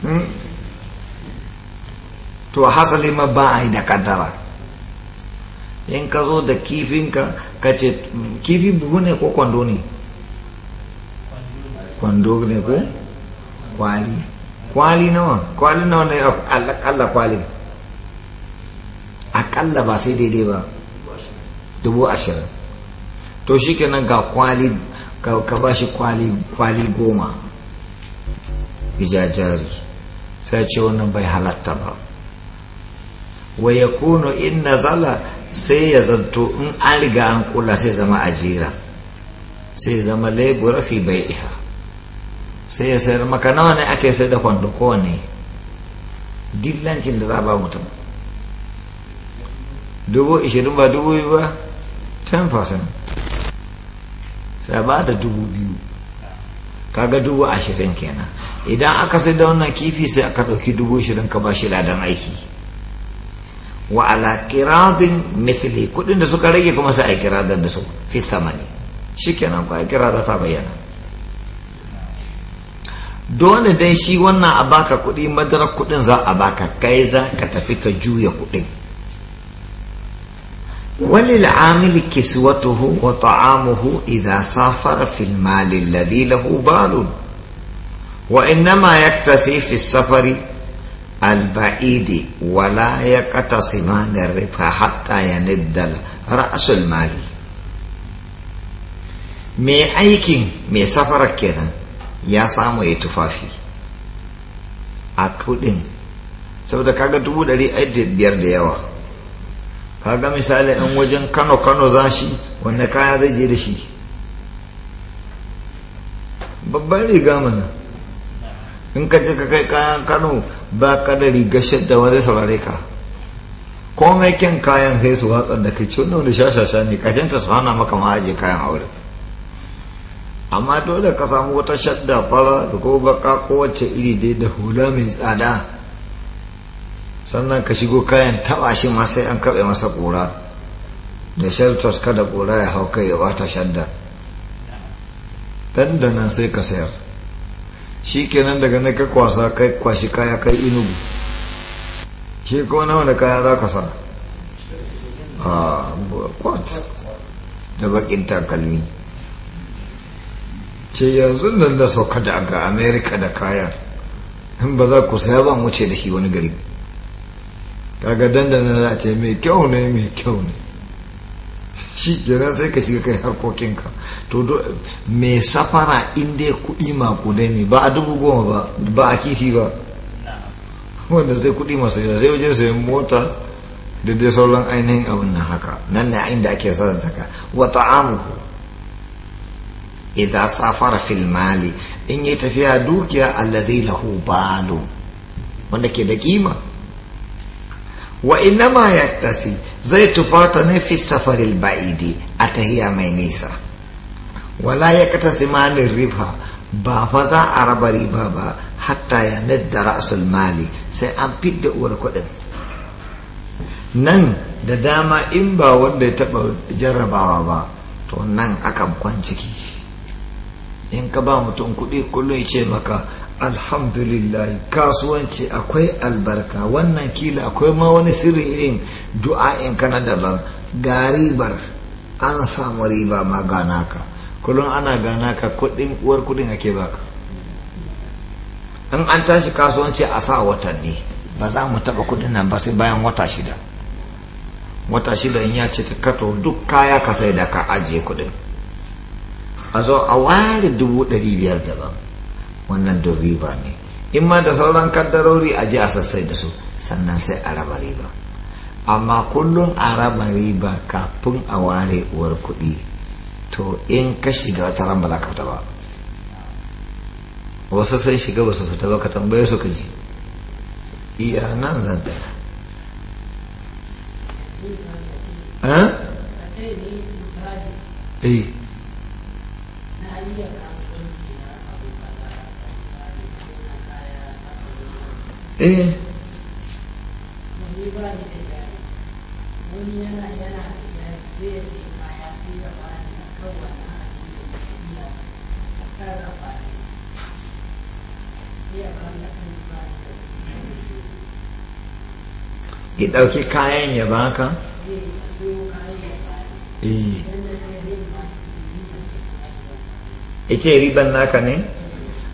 hmm? to hasali ma ba a yi da kaddara in ka zo da kifinka ka ce mm, kifi buhu ne ko kwando ne kwando ne ko kwali kwali nawa kwali nawa ne akalla kwali akalla ba sai daidai ba dubu ashirin to shi kenan ga kwali ka ba shi kwali goma bijajari sai ce wannan bai halatta ba wa ya kuno in nazala sai ya zanto in an riga an kula sai zama ajira sai zama lebura fi bai iya sai ya sayar maka nawa ne ake sai da kwando kowane dillancin da za ba mutum dubu ishirin ba dubu biyu ba 10% sai ba da dubu biyu kaga dubu ashirin kenan idan aka sai da wannan kifi sai aka ɗauki dubu ashirin ka ba shi ladan aiki وعلى كراد مثلي كل ان سوكا كما سا كراد في الثمن شكنا كو كراد تا دون دن شي wannan a baka kudi madarar kudin za a baka kai za ka tafi كسوته وطعامه إذا سافر في المال الذي له بال وإنما يكتسي في السفر wala ya kata simanin يقتصمان hatta ya niddal رأس mali mai aikin mai safarar kenan ya samu ya tufafi a tudin saboda kaga dubu ɗari biyar da yawa kaga misali in wajen kano kano za shi wanda kaya zai je da shi babban riga mana in ka je ka kai kayan kano ba ka da rigar shadda wani saurare ka komai kyan kayan kai su watsar da kai cewa wani shashasha ne kashenta su hana maka ma kayan aure amma dole ka samu wata shadda fara da ko baka kowace iri dai da hula mai tsada sannan ka shigo kayan taba shi masai an kaɓe masa ƙura da shelters kada ƙura ya hau kai ya bata shadda dandanan sai ka sayar shi kenan daga na ka kwasa kai kwashi kaya kai inugu shi kuma na wanda kaya za ka sa a ah, kwat da bakin takalmi ce yanzu nan da sauka daga amerika da kaya in ba za ku saya ba wuce da shi wani gari kaga dandana za a ce mai kyau ne mai kyau ne shi kenan sai ka shiga kai harkokinka to do me safara inda kudi ma kudai ne ba a dubu goma ba ba a kifi ba wanda zai kudi masu yawa sai wajen sayan mota da dai sauran ainihin abin na haka nan ne inda ake sa wata wa ta'amuhu Idan safara fil mali in yi tafiya dukiya alladhi lahu balu wanda ke da kima wa ya tasi zai tufata ne fi safarin ba'idi a tahiya mai nisa wala ya kata simanin riba ba fa za a raba riba ba hatta ya da ra'asul mali sai an fidda uwar kuɗin nan da dama in ba wanda ya taɓa jarrabawa ba to nan akan kwanciki. in ka ba mutum kuɗi kullum ya ce maka alhamdulillah kasuwanci akwai albarka wannan kila akwai ma wani sirri du'a in kana da ga garibar an samu riba ma gana ka kullum ana gana ka kudin uwar kudin ake baka in an tashi kasuwanci a sa watanni ba za mu taba kudin nan ba sai bayan wata shida wata shida in ya ce ta kato duk kaya ka sai da ka ajiye kudin a zo a ware dubu ɗari biyar daban wannan don riba ne in ma da sauran kaddarori a ji a sassai da su sannan sai a raba riba amma kullum a raba riba kafin a ware uwar kuɗi to in ka shiga wata ran ba za ka fita ba wasu sun shiga ba su fita ba ka tambaye su ka ji iya nan zan tsaya eh, eh? eh ki ɗauki kayan ya baka? eh ce riban naka ne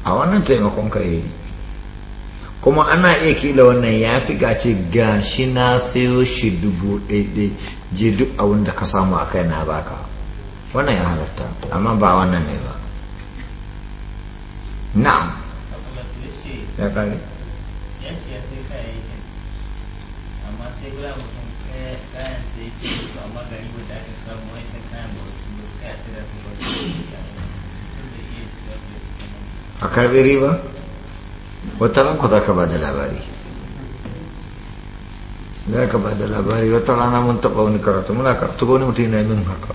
a wannan taimakon ka yi kuma ana iya kila wannan ya fi gace ga shi na sayo shi dubu ɗaiɗai je duk abin da ka samu a kai na baka wannan ya halarta amma ba wannan ne ba na'am ya kare a karbe riba wata ranku za ka ba da labari za ka ba da labari wata rana mun taba wani karatu muna karatu wani mutum yana min haka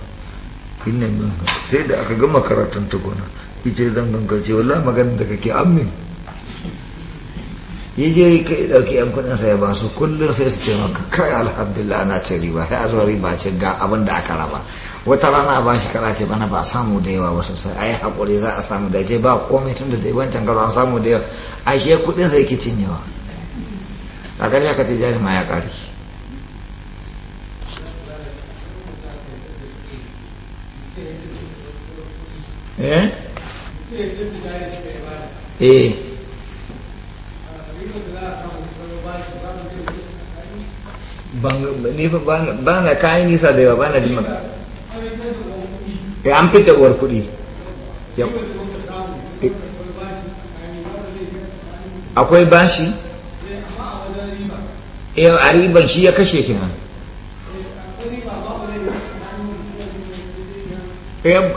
ina min haka sai da aka gama karatun tukuna ita zan ce wallah maganin da kake amin yi je kai dauki yan kudin sai ba su kullum sai su ce maka kai alhamdulillah ana ce riba sai a zuwa riba ce ga abin da aka raba wata rana ba shi kara ce bana ba samu da yawa wasu sai ai hakuri za a samu da ce ba komai tun da wancan karo an samu da yawa a shi kudin sai ke cinyewa a ƙarshe ka ce jari ma ya ƙari eh, eh. ba na kayan nisa da yawa ba na jimaka da eh, an fidda uwar kuɗi eh, akwai bashi eh, a riban shi ya kashe kina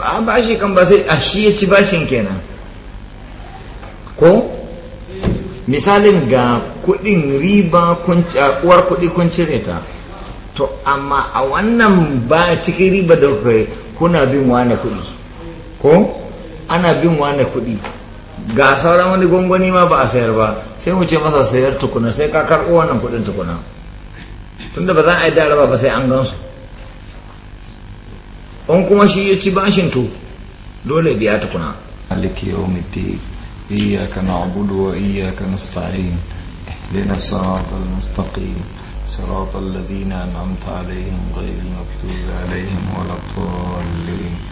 a bashi kan ba sai a shi ya ci bashin kenan ko misalin ga kudin riba uwar kudi kun cire ta to amma a wannan ba cikin riba da kuka kuna bin wane kuɗi ko ana bin wane kuɗi ga sauran wani gongoni ma ba a sayar ba sai mu ce masa sayar tukuna sai ka karɓo wannan kuɗin tukuna tunda ba za a yi daraba ba sai an gansu in kuma shi ya ci bashin to dole biya tukuna aliki mitte iya iyyaka abudu wa iyyaka nasta'in اهدنا الصراط المستقيم صراط الذين أنعمت عليهم غير المغضوب عليهم ولا الضالين